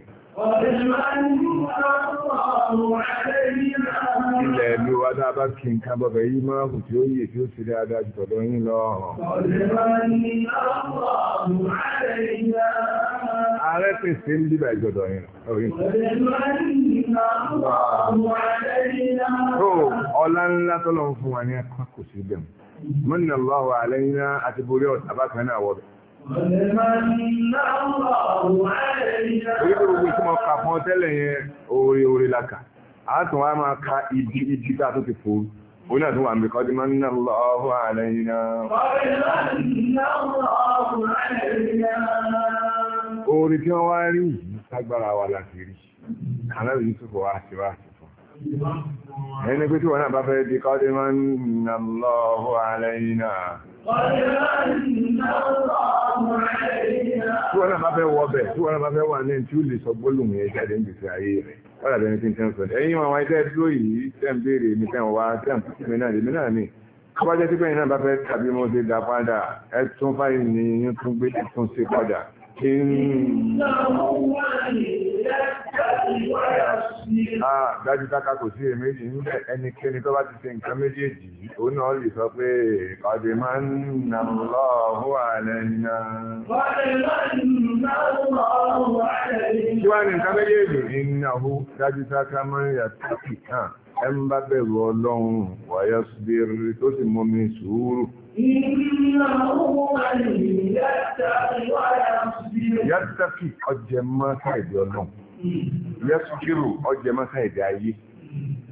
Ilẹ̀ ìlú wa náà bá kí nǹkan bọ̀bẹ̀ yí máa hù tí ó yè tí ó sì rí adá jù tọ̀dọ̀ yín lọ. Ààrẹ pèsè ń bíbà ìjọdọ̀ yín lórí. Tó ọlá ńlá tọ́lọ̀ ń fún wa ní apá kò sí bẹ̀rù. Mọ́nà lọ́wọ́ àlẹ́yìn náà àti borí ọ̀tàbákan náà wọ́bẹ̀. Orí tó gbogbo tí mo kà fún ọ tẹ́lẹ̀ yẹn oore oore laka. A tún wá máa ka ibi ibi tá a tó ti fò. Ó náà tún wà mí kọ́ di máa ń ná lọ ọ̀hún àlẹ́ tí wọ́n wá rí yìí lágbára wa láti rí. Ànábì Yusuf wa ti wá sí fún. Ẹni pé tí wọ́n náà bá fẹ́ di kọ́ di máa ń ná lọ ọ̀hún Tí wọ́n náà bá fẹ́ wọ bẹ̀, tí wọ́n náà bá fẹ́ wà ní tí ó lè sọ gbólùmù yẹn jáde ń gbèsè ayé rẹ̀. Wọ́n dàbí ẹni tí ń tẹ́ ń sọ. Ẹ̀yin àwọn ẹgbẹ́ dúró yìí tẹ́ béèrè mi tẹ́ wá tẹ́ ń mi náà lèmi náà ni. Tó bá jẹ́ pé ẹ̀yin náà bá fẹ́ tàbí mo ṣe dá padà, ẹ tún fáyì ní yín tún gbé tún ṣe padà. Kí ni. Ah, dájúdáká kò sí èméjì níbẹ̀ ẹnikẹ́ni tó bá ti ṣe nǹkan méjèèjì ó náà lè sọ pé ọdẹ máa ń nà lọ́ọ̀hún ààrẹ nà. kí wá ní nǹkan méjèèjì ìnáwó dájúdáká máa ń yàtọ̀ kìkan ah, ẹ ń bá bẹ̀rù ọlọ́run wàyà síbèrè tó sì mọ́ mi sùúrù. Yàtàkì ọjẹ́ máa káìdí ọlọ́run yẹ́sùkírù ọjẹ́ mọ́sá èdè ayé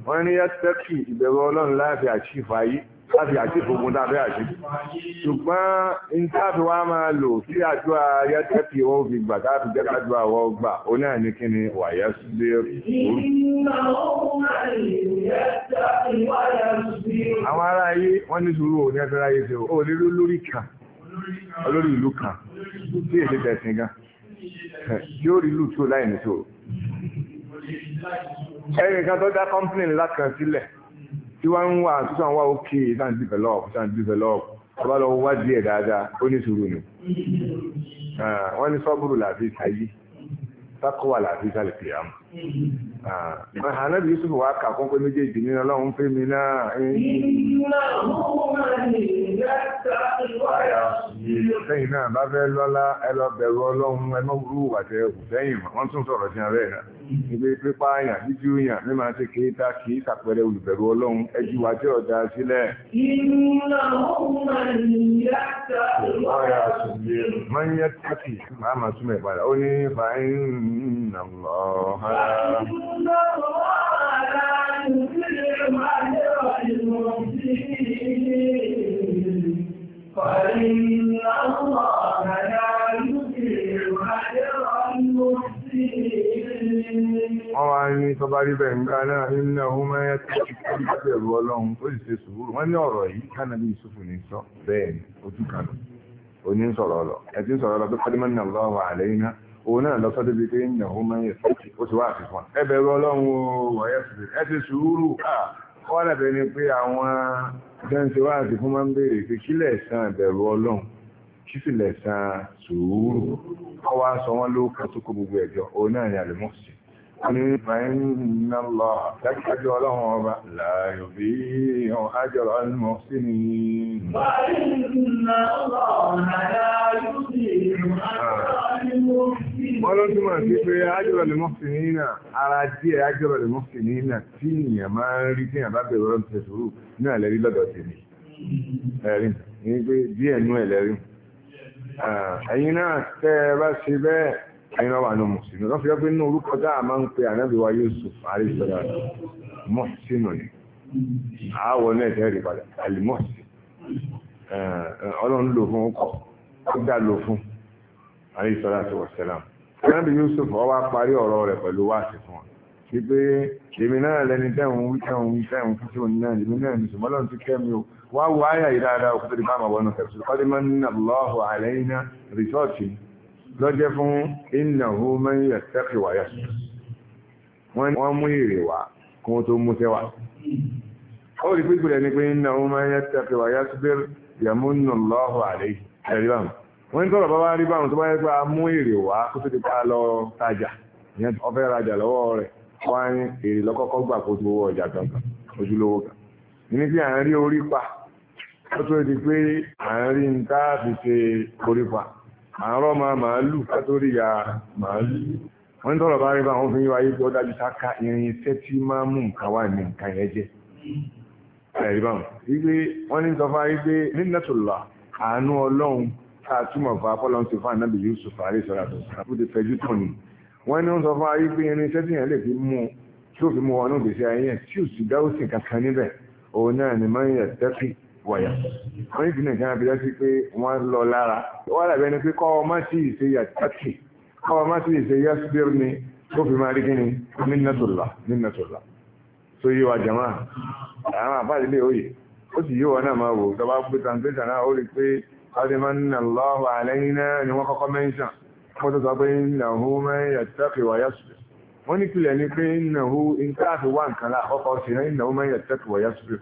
wọ́n ní yẹ́sẹ́kì ìbẹ̀rù ọlọ́run láti àṣìfò ayé láti àṣìfò ogun tàbí àṣìfò ṣùgbọ́n in táàfi wá máa lò sí àdúrà yẹ́sẹ́kì wọ́n fi gbà táàfi jẹ́ àdúrà wọ́n gbà ó náà ní kí ni wà yẹ́sùdérù. àwọn ará ayé wọ́n ní sùúrù òní ẹ̀fẹ́ ráyé ṣe ó lérú lórí kan olórí ìlú kan tí èdè tẹ̀sìn gan yóò rí lù tó láì ní ẹ̀rìn kan tó dá kọ́mpínì ńlá kan sílẹ̀ tí wọ́n ń wà tó sàn wá òkè sàn develop sàn develop ọba lọ wá díẹ̀ dáadáa ó ní sùúrù nù ah, wọ́n ní sọ́bùrù làfi sáyé tákọ́wà làfi sálẹ̀ kìyàmù. Ah, ah, Ànábì Yusuf wá kà fún pé méjèèjì ní ọlọ́run fẹ́ mi náà. Sẹ́yìn eh. náà bá fẹ́ lọ́lá ẹlọ bẹ̀rù ọlọ́run ẹmọ́ burú wàtẹ́ òkú sẹ́yìn wọ́n tún sọ̀rọ̀ sí ààrẹ rẹ̀. Ibi pípa àyàn jíjú yàn ní máa ṣe ta olùbẹ̀rù ọlọ́run ẹjú wa ọ̀dà sílẹ̀. máa ní tó bá rí bẹ̀ ń gbá náà nínú ọmọ mẹ́yà tí ó ti kí bẹ̀rù ọlọ́run ó sì ṣe sùúrù wọ́n ní ọ̀rọ̀ yìí kánàbí Yusufu ní sọ bẹ́ẹ̀ ni ojú kan ò ní sọ̀rọ̀ ọ̀lọ̀ ẹ̀ tí ń sọ̀rọ̀ ọ̀lọ̀ tó kọ́dí mọ́nà lọ́wọ́ àlẹ́ iná òun náà lọ́sọ́ débi pé ń nàhó máa ń yẹ ó ti wá àfihàn ẹbẹ̀rù ọlọ́run wọ̀nyẹ́ sì ẹ ti sùúrù wọ́n dàbẹ̀ ni pé àwọn dẹ́ǹtì àti fún máa ń béèrè pé kí lẹ̀san ẹbẹ̀rù ọlọ́run kí sì lẹ̀san sùúrù kọ́ wá sọ wọ́n ló kọ́ tó kó gbogbo ẹ̀jọ́ òun náà ni àlùmọ́ ni ìfàyínà lọ wọ́n ló túmọ̀ sí pé ájọ́rọ̀ lè mọ́fì nínà ara díẹ̀ ájọ́rọ̀ lè mọ́fì nínà tí èèyàn máa ń rí téèyàn bá bẹ̀rẹ̀ ọ̀rọ̀ tẹ̀ sùúrù náà lẹ́rí lọ́dọ̀ tèmi ẹ̀rín ní pé díẹ̀ nú ẹ̀ lẹ́rí ẹ̀yin náà tẹ́ ẹ bá ṣe bẹ́ẹ̀ ẹ̀yin náà wà nù mùsùlùmí lọ́fi ọ́ pé nínú orúkọ tá a máa ń pe ànábì ọlọ́run lò fún ọkọ̀ ó dá lò fún àríṣọ́lá tó wọ̀ sẹ́lámù Ànábì Yusuf ọwá parí ọ̀rọ̀ rẹ̀ pẹ̀lú wáàsí fún wọn. Wípé èmi náà lẹni tẹ́hùn wí tẹ́hùn wí tẹ́hùn fún tí òun náà èmi náà ní ṣùgbọ́n lọ́n ti kẹ́mi o. Wá wo àyà yìí dáadáa òkú tó di báàmà wọnú kẹ̀sù. Kọ́dé máa ń nà lọ́hùn àlẹ́ iná rìsọ́ọ̀tì lọ́jẹ́ fún ìnáwó mẹ́yìn ẹ̀sẹ̀kì wáyà. Wọ́n mú èrè wá kó tó mú tẹ́wà. Ó rí pípìlẹ̀ ni pé ìnáwó mẹ́yìn ẹ̀sẹ̀kì wáyà wọ́n ń tọ́rọ̀ bá wá rí báwọn tó bá yẹ pé a mú èrè wá kó tó ti pa lọ tajà ìyẹn ọfẹ́ rajà lọ́wọ́ rẹ̀ wá ní èrè lọ́kọ́kọ́ gbà kó tó owó ọjà gangan ojúlówó kan ní tí à ń rí orí pa ó tó di pé à ń rí ń tá fi ṣe orí pa à ń rọ́ máa màálù ká tó rí ya màálù wọ́n ń tọ́rọ̀ bá rí báwọn fi ń yọ ayé pé ó dájú sáká irin iṣẹ́ tí máa mú nǹkan wà ní nǹkan yẹn jẹ́ ẹ̀rí báwọn wípé ní sọ fún pé nínú àánú tá a túmọ̀ fà pọ́lọ́ ti fà nábì Yusuf àrí sọ̀rọ̀ àtọ̀sọ̀rọ̀ ti fẹjú tàn ní wọ́n ní sọ fún ayé pé irin iṣẹ́ tí yẹn lè fi mú tí ó fi mú wọnú gbèsè ayé tí ò sì dáwọ́sìn kankan níbẹ̀ òun náà ni máa ń yẹ tẹ́kì wọ̀yà wọ́n ní ìpínlẹ̀ kan abiyá sí pé wọ́n lọ lára wọ́n dàbí ẹni pé kọ́ ọmọ sí ìṣe yà tẹ́kì kọ́ ọmọ sí ìṣe yà síbẹ̀rù ni tó fi máa rí kí ni nínàtòlá nínàtòlá tó yé قدمنا الله علينا نوقق منشا فتطبين له من يتقي ويصبر ونكل يعني إنه إن كافي وان كان لا وقوسنا إنه من يتقي ويصبر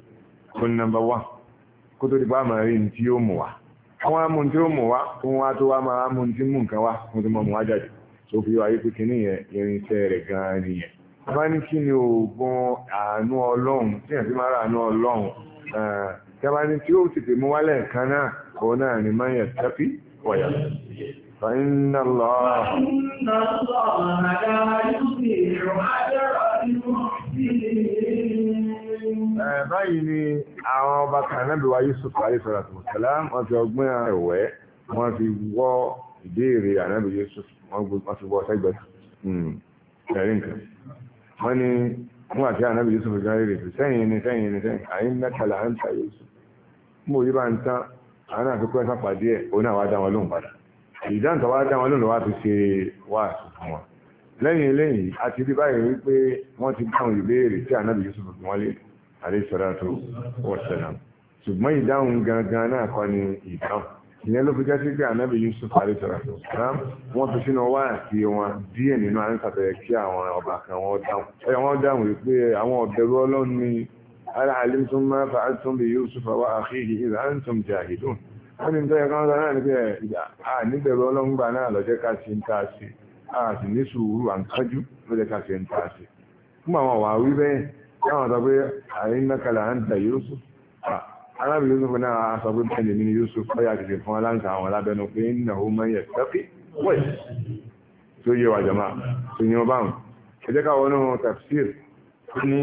كل نمبر وان كتو ربا ما رين تيوموا àwọn amúntínmù wa fún wa tó wá máa amúntínmù nǹkan wá fún tó mọ̀ mú ajáde tó fi wáyé pé kìíní yẹn irinṣẹ́ rẹ̀ gan-an nìyẹn bá ní kí ni oògùn àánú ọlọ́run tí yẹn fi máa ra àánú ọlọ́run eh, tí tí ó tètè mú wálẹ̀ kan náà òun náà ni máa yẹ tẹ́fí wọ̀yà fàínà lọ́wọ́ báyìí ni àwọn ọba kanáàbí wa Yusuf àríṣọ́lá tó tẹ̀lá wọ́n fi ọgbọ́n ẹ̀wẹ́ wọ́n fi wọ́ ìbéèrè ànábì Yusuf wọ́n fi wọ́ sẹ́gbẹ́ ẹ̀rí hmm, nǹkan wọ́n ni wọ́n àti ànábì Yusuf gan rèé sẹ́yìn ni sẹ́yìn ni sẹ́yìn àyín mẹ́tàlá ń ta Yusuf mo yí bá ń tán àwọn àfikún ẹ̀sán pàdé ẹ̀ òun náà wá dá wọn lóhùn padà ìdáhùn tó wá dá wọn lóhùn lọ́wọ́ fi ṣe wá fún wọn lẹ́yìn eléyìí a ti rí báyìí wípé wọ́n ti dáhùn ìbéèrè tí ànábì Yusuf fi wọ́n lé àdéṣọ́dátó wọ́sẹ̀lá ṣùgbọ́n ìdáhùn gangan náà kọ́ ni ìdáhùn ìyẹn ló fi jẹ́ sí pé ànábì Yusuf àdéṣọ́dátó wọ́n fi sínú wá àti wọn díẹ̀ nínú àrísàtẹ̀yẹ kí àwọn ọba kan wọ́n dáhùn wọ́n dáhùn wípé àwọn ọ̀bẹ̀rù ọlọ́run هل علمتم ما فعلتم بيوسف وأخيه إذ أنتم جاهدون wọ́n ní tẹ́yẹ kan sọ́nà ní pé à níbẹ̀rẹ̀ ọlọ́run gbà náà lọ́jẹ́ ká sí ń tàà sí a sì ní sùúrù à ń kájú lọ́jẹ́ ká sí ń tàà sí fún àwọn wà wí bẹ́ẹ̀ táwọn sọ pé àyín mẹ́kàlà ń Yusuf arábìnrin a sọ pé bẹ́ẹ̀ lèmi ni Yusuf ọyà tètè fún aláǹkà àwọn alábẹ́nu pé ń nà ó mọ yẹ tẹ́kì wẹ̀ tó yẹ wàjọ̀má tó yẹ wọn báwọn ẹ jẹ́ ká wọnú tafsir ní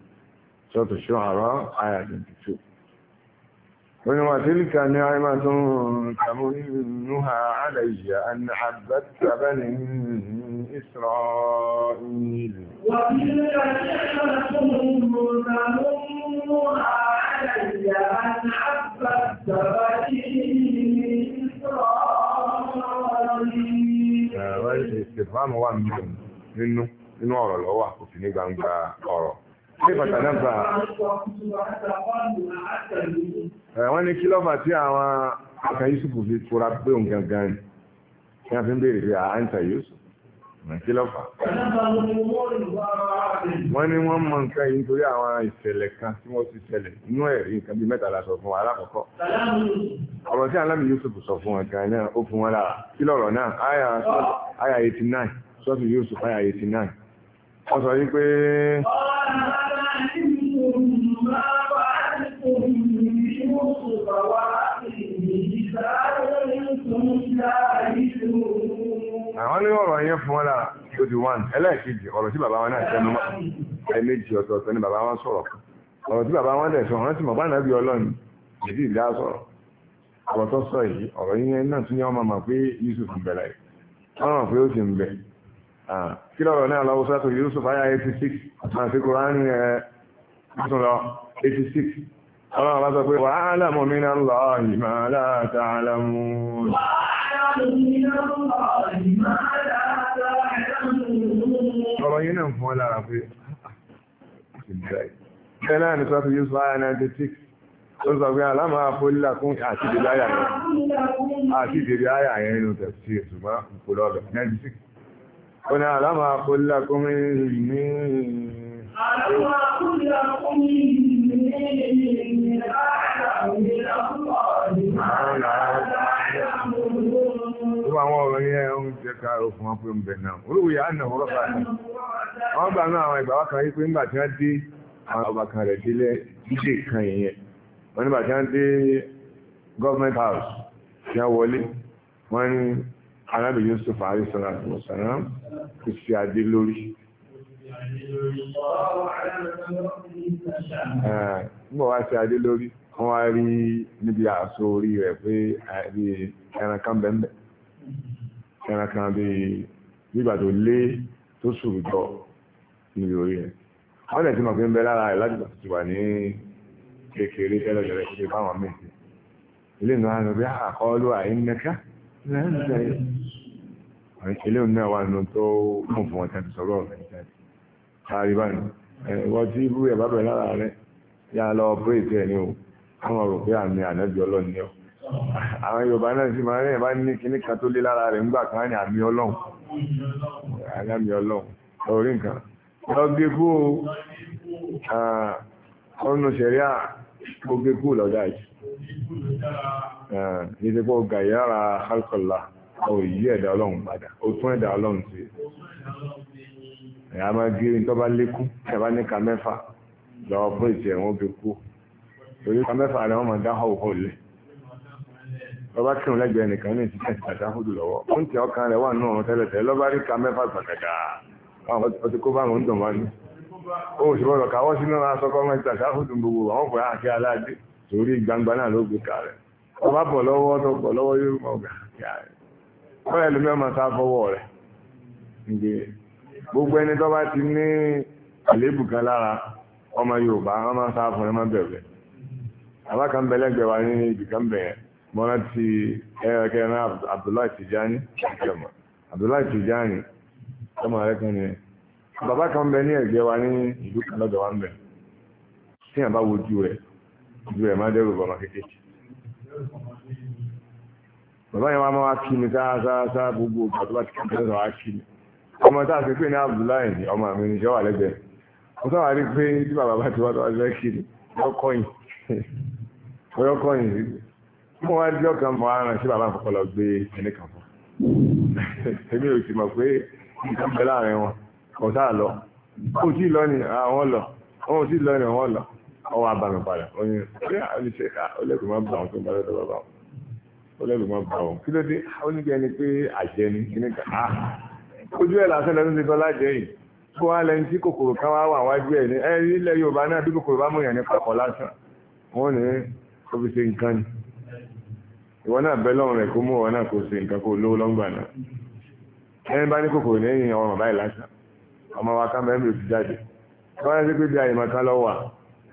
sọ́tù ṣọ́hàrá àyà 22 wani wa tilka ni a ima tun kamu nuha alayya an abbata bani isra'il wa tilka ni a ima tun kamu nuha alayya an abbata bani wà nínú ọ̀rọ̀ lọ́wọ́ àkófin ní gbangba ọ̀rọ̀. Kaifa tanazza. Wọ́n ní kí lọ́fà tí àwọn aka Yusuf fi fura pé òun gangan ni. Kí wọ́n fi ń béèrè pé à ah, ń ta Yusuf. Kí lọ́fà? Wọ́n ní wọ́n mọ nǹkan yìí nítorí àwọn ìṣẹ̀lẹ̀ kan tí wọ́n ti ṣẹlẹ̀ inú ẹ̀rí nǹkan bíi mẹ́ta la fún wa alákọ̀ọ́kọ́. Ọ̀rọ̀ tí Alábi Yusuf sọ fún wọn kan náà ó fún wọn lára. Kí lọ̀rọ̀ náà? Aya 89, sọ́ọ̀tù Yusuf Aya 89. Wọ́n sọ yí pé. Àwọn ní ọ̀rọ̀ yẹn fún ọ́nà tó di wọ́n ẹlẹ́ẹ̀kejì ọ̀rọ̀ tí bàbá wọn náà tẹnu mọ́ ẹ̀mẹ́jì ọ̀tọ̀ọ̀tọ̀ ni bàbá wọn sọ̀rọ̀. Ọ̀rọ̀ tí bàbá wọn dẹ̀ sọ rántí mọ̀ bá náà bí ọlọ́run ìdí ìdá sọ̀rọ̀. Ọ̀rọ̀ tó sọ yìí ọ̀rọ̀ yẹn náà tún yẹ́ ọmọ mọ̀ pé Yusuf ń bẹ láì. Wọ́n mọ̀ pé ó ti ń bẹ. Ah. kí lọ́rọ̀ náà lọ́wọ́ sọ́tò Yusuf ayá 86 àti Kùránì ẹ̀ àtúnlọ 86 ọlọ́run bá sọ pé wà á lámọ̀ mí náà lọ ìmọ̀ aláta alámú ọ̀rọ̀ yìí náà fún ọlára pé sọ pé alámọ̀ àfólílà àti ìdèrè ayà yẹn nínú tẹ̀sí ìṣùgbọ́n ìpòlọ́dọ̀ 96 ó ní àlámà kólá kúmí ní àlámà kólá kúmí ní àwọn ọ̀rọ̀ yẹn ń jẹ́ ká òfin wọn pé ń bẹ̀ náà olúwìyà á nà ọ̀rọ̀ bá ní wọ́n gbà náà àwọn ìgbà wákan yìí pé ńgbà tí wọ́n dé àwọn ọba kan rẹ̀ délẹ̀ dídè kan yẹn wọ́n nígbà tí wọ́n dé government house tí wọ́n wọlé wọ́n ní arábì Yusuf àríṣàlátù ọ̀sánà kò sí adé lórí mọ̀ wá sí adé lórí wọ́n wá rí níbi àṣọ orí rẹ̀ pé àrí ẹrankan bẹ̀m̀bẹ̀ ẹrankan bí nígbà tó lé tó sùrù jọ níbi orí rẹ̀ wọ́n lè ti mọ̀ pé ń bẹ lára rẹ̀ láti ti wà ní kékeré tẹ́lẹ̀tẹ́lẹ̀ kó ti fáwọn méjì ilé ìnáwó àgbẹ̀ àkọọ́lù àìnẹ́ká ilé òun náà wà nù tó mọ̀ fún ọ̀tẹ́ ti sọ̀rọ̀ ààrí bá nù wọ́n tí ibú ẹ̀ bá bẹ̀rẹ̀ lára rẹ̀ yá lọ bírèkì ẹ̀ ní o káwọn rò pé àmì ànábì ni ọ àwọn Yorùbá náà sì máa rẹ̀ bá ní kíní kan tó lé lára rẹ̀ ńgbà kan ní kó kú lọ́dá yìí ìdíkò gàyára halkọ̀lá ó yí ẹ̀dà ọlọ́run padà ó tún ẹ̀dà ọlọ́run sí ẹ̀yà máa gé tó bá lékún ẹ̀bá ní ka mẹ́fà lọ fún ìtì ẹ̀wọ̀n gbé kú torí ka mẹ́fà rẹ̀ wọ́n máa dá họ̀ họ̀ lẹ̀ lọ́ba kírun lẹ́gbẹ̀ẹ́ nìkan ní ìtìkẹ́ ti tàdá hùdù lọ́wọ́ ó ọkàn rẹ̀ wà nù ọ̀run tẹ́lẹ̀ tẹ́lẹ̀ lọ́ba rí ka mẹ́fà pàtàkì àwọn ó si gbọ́dọ̀ káwọ́ sínú aṣọ kọ́mẹ́ta gbogbo àwọn ọkùnrin àti aláàdé torí gbangba náà ló gbé kalẹ̀ ọba bọ̀ lọ́wọ́ tó pọ̀ lọ́wọ́ yóò mọ̀ gbà yà rẹ̀ wọ́n mẹ́ma sá fọwọ́ rẹ̀ gbogbo ẹni tó bá ti ní àlébù kan lára ọmọ Yorùbá wọn máa sá fún ẹ má àbá kan bẹ lẹ́gbẹ̀ẹ́ wa ní ibì kan mọ́ láti Abdullahi Tijani ọmọ kan ni bàbá kan bẹ ní ẹ̀gbẹ́ wa ní ìlú kan lọ́dọ̀ wa ń bẹ tí yàn bá wojú rẹ̀ ju ẹ̀ máa dẹ́rù bọ̀mọ̀ kékeré bàbá yẹn wá máa wá kí mi sáásáásá gbogbo ìgbà tó bá ti kí mi wá kí mi ọmọ tá a ti pè ní Abdullahi ọmọ mi ní ìjọba lẹ́gbẹ̀ẹ́ mo sábà rí pé tí bàbá bá ti wá tó wá fẹ́ kí mi lọ́kọ̀yìn lọ́kọ̀yìn mo wá dí ọkàn mọ́ ara sí bàbá àkọ́kọ́ lọ gbé ẹnì kan fún èmi ò sì mọ̀ pé nǹkan bẹ láàrin wọn ọ̀tá lọ ó tí lọ ní àwọn ah, lọ ó tí lọ ní àwọn lọ ọwọ́ abàmì padà ó ní pé àlùṣe ká ọlẹ́kùn máa bá àwọn tó ń bá lọ́dọ̀ bàbá wọn ọlẹ́kùn máa bá wọn kí ló dé ó ní kí ẹni pé àjẹ ni kí ní ká á ah, ojú ẹ̀ lásán lẹ́nu ti tọ́lá jẹ́ yìí tó wá lẹ́yìn tí kòkòrò kan wá wà wájú ẹ̀ ní ẹ ilẹ̀ Yorùbá náà bí kòkòrò bá mú yàn ní papọ̀ lásán wọn ní ó fi ṣe nǹkan ni ìwọ náà bẹ́ lọ́rùn rẹ̀ kó mú ọ náà kó ṣe nǹkan kó lówó lọ́ngbà náà ẹni bá ní kòkòrò lẹ́yìn ọrùn báyìí lásán ọmọ wa kan bẹ́ẹ̀ ti jáde wọ́n yẹ pé bí àyèmọ̀ kan lọ wà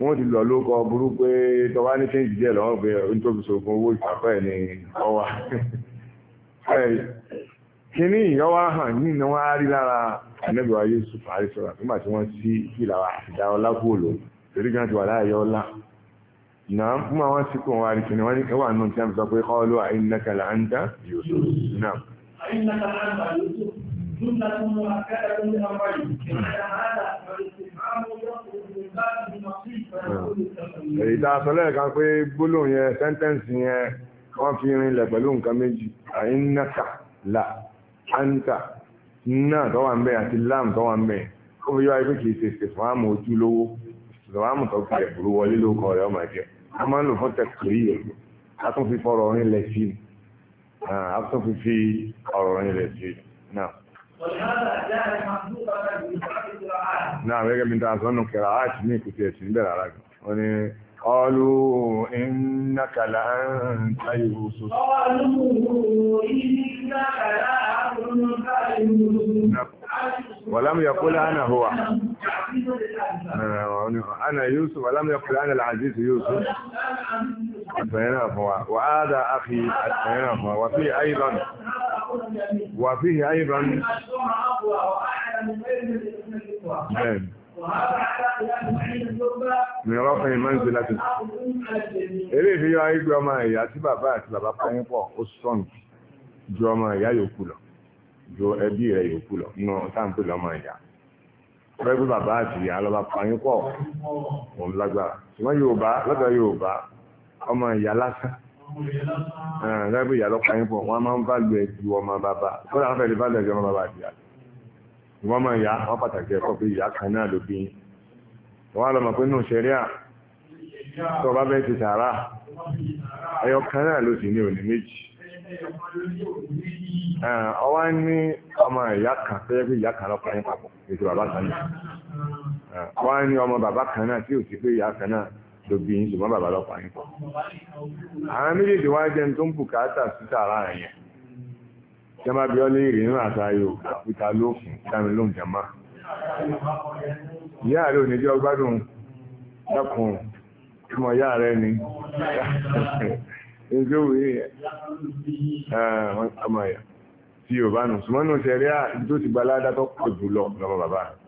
wọ́n ti lọ lóko burú pé tọ́wá ní kéńjì díẹ̀ lọ́wọ́ pé nítorí sòfin owó ìpàkọ́ ẹ̀ ní ọwà kìíní ìyọ́wá hàn nínú wọn á rí lára ànẹ́bíwá Yusuf àrísọ̀rọ̀ nígbà tí wọ́n sí ìlà àdá ọlá kúrò lónìí torí gan ti wà láàyè ọlá náà fún àwọn tí kò wá rí kìíní wọ́n ní ẹwà nù tí a sọ pé kọ́ ló àìnàkàlà àǹtà Yusuf náà. àìnàkàlà àǹtà Yusuf جملة مؤكدة لأمرين هذا والاستفهام يخرج من باب النصيب فيقول التقليد. إذا أصلح كان في gbólóhùn yẹn sẹ́ńtẹ́ǹsì yẹn wọ́n fi rinlẹ̀ pẹ̀lú nǹkan méjì àìnáka là áńtà náà tó wà ń bẹ àti láàmù tó wà ń bẹ ó fi yọ ayé pé kì í ṣe ìsìnfàmù ojú lówó ìsìnfàmù tó fi ẹ̀bùrú wọlé lóko rẹ̀ ọmọ ẹ̀jẹ̀ a máa ń lò fún tẹ̀kìrì yẹn a tún fi fọ̀rọ̀ rinlẹ̀ sí i a tún fi fi ọ̀rọ̀ rinlẹ̀ sí i náà. قراءات نعم يجب من تعظن وني قالوا إنك لأنت يوسف قالوا إنك لأنت ولم يقل أنا هو أنا يوسف ولم يقل أنا العزيز يوسف فهنا هو وهذا أخي فهنا هو وفي أيضا وفيه أيضا نعم Mìíràn fún ìmọ̀nsí láti. Eré ìfihàn ayégbé ọmọ ìyá tí bàbá àti bàbá pààyàn pọ̀ ó strong ju ọmọ ìyá yòókù lọ, ju ẹbí rẹ̀ yòókù lọ nínú táǹpì lọ́mọ ìyá. Pẹ́ẹ́bí bàbá àti ìyá lọ́ba pààyàn pọ̀ òun lágbára. Ṣùgbọ́n Yorùbá lọ́dọ̀ Yorùbá ọmọ ìyá lásán Ah, lábẹ́ ìyá lọ́pàá yín pọ̀ wọ́n máa ń bàlù ẹ̀ ju ọmọ bàbá kódà wọ́n fẹ́ẹ́ lè bàlù ẹ̀ ju ọmọ bàbá àti ìyá ìwọ́n máa yá wọ́n pàtàkì ẹ̀kọ́ pé ìyá kan náà ló bí yín wọ́n á lọ mọ̀ pé nù tó bá bẹ́ẹ̀ ti sàárà ẹyọ kan náà ló sì ní òní méjì ah, ọwá ní ọmọ ìyá kan tó yẹ pé ìyá kan lọ́pàá yín papọ̀ ètò bàbá kan náà ah, ọwá ní ọmọ bàbá kan náà tí ò sí pé ìyá kan náà ló bí ṣùgbọ́n bàbá lọ́pàá yín pọ̀. àwọn méjèèjì wá jẹun tó ń bùkátà sí tààrà yẹn jẹma bí ọ léèrè nínú àṣà yorùbá píta ló dámi lóhùn jẹma ìyá rẹ oníjọ gbádùn dákun ìmọ̀ ìyá rẹ ni ìjọwé ọmọ ìyá tí yorùbá nù ṣùgbọ́n nù sẹ́rí à tó ti gbaládá tó pọ̀ jù lọ lọ́mọ bàbá rẹ̀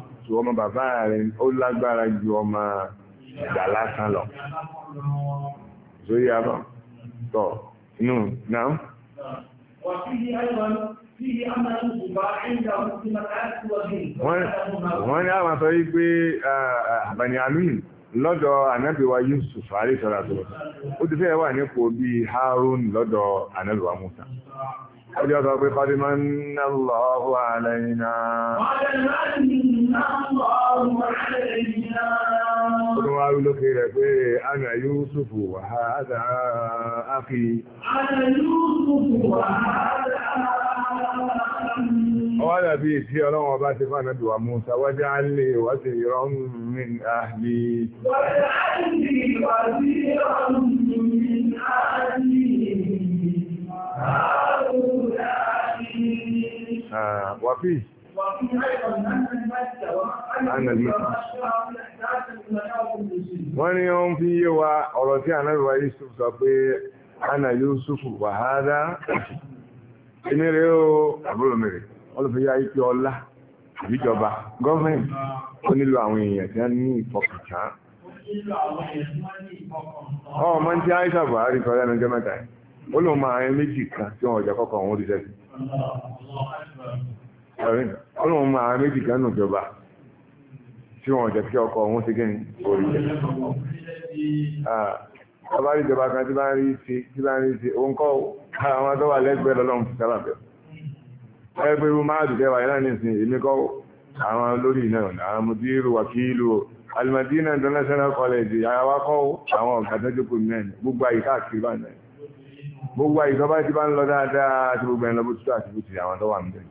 jù ọmọ bàbá rẹ̀ ó lágbára jù ọmọ ìgbà lásán lọ sórí abọ́ tọ̀ inú náà. wọ́n ní àwọn sọ yí pé àbàní alúyìn lọ́dọ̀ ànábìwá Yusuf àríṣọ́lá tó ó ti fẹ́ wà nípò bíi Harun lọ́dọ̀ ànábìwá Musa Ọjọ́ sọ pé Fadimá ná lọ́wọ́ àlẹ́yìnà. Ó tún wá rí lókè rẹ̀ pé Ana Yúsùfù wà hádà áfì. Ana Yúsùfù wà hádà Ọwá dàbí tí ọlọ́wọ́ bá ti fánà bí wà Musa, wájá lè wá lè wá sí ìrọ̀n min ahli. وفيه wọ́n ní wọ́n fi yé wa ọ̀rọ̀ tí ànábìwá Yusuf sọ pé ana Yusuf wàhálà èmi rẹ̀ ó àbúrò mi rẹ̀ wọ́n ló fi yá ipe ọlá àbíjọba gọ́ọ̀mẹ̀ntì ó nílò àwọn èèyàn tí wọ́n ní ìfọkàntán ọmọ tí Aisha Buhari sọ lẹ́nu jẹ́ mẹ́ta ó lóun máa ń méjì kan tí wọ́n ọjà kọ́kọ́ òun rí sẹ́sì ọlọ́run mú àwọn méjì kan nù jọba tí wọ́n jẹ́ kí ọkọ wọn ṣe gẹ́ni orí jẹ́ ọba rí ìjọba kan tí bá ń rí ṣe tí bá ń rí ṣe òun kọ́ àwọn tó wà lẹ́gbẹ̀ẹ́ lọ́lọ́run ti sábà bẹ̀rẹ̀ ẹgbẹ́ irú máa dùn kẹwàá ìlànà ìsìn èmi kọ́ àwọn olórí náà àwọn mùdírù wàkílù alimadina international college àwa kọ́ àwọn ọ̀gá tẹ́jú kò mẹ́rin gbogbo àyíká àkiri bá ń lọ gbogbo àyíká bá ti bá ń lọ dáadáa àti gbogbo ẹ̀ lọ bó ti tó àti bó ti àwọn tó wà ń bẹ̀rẹ̀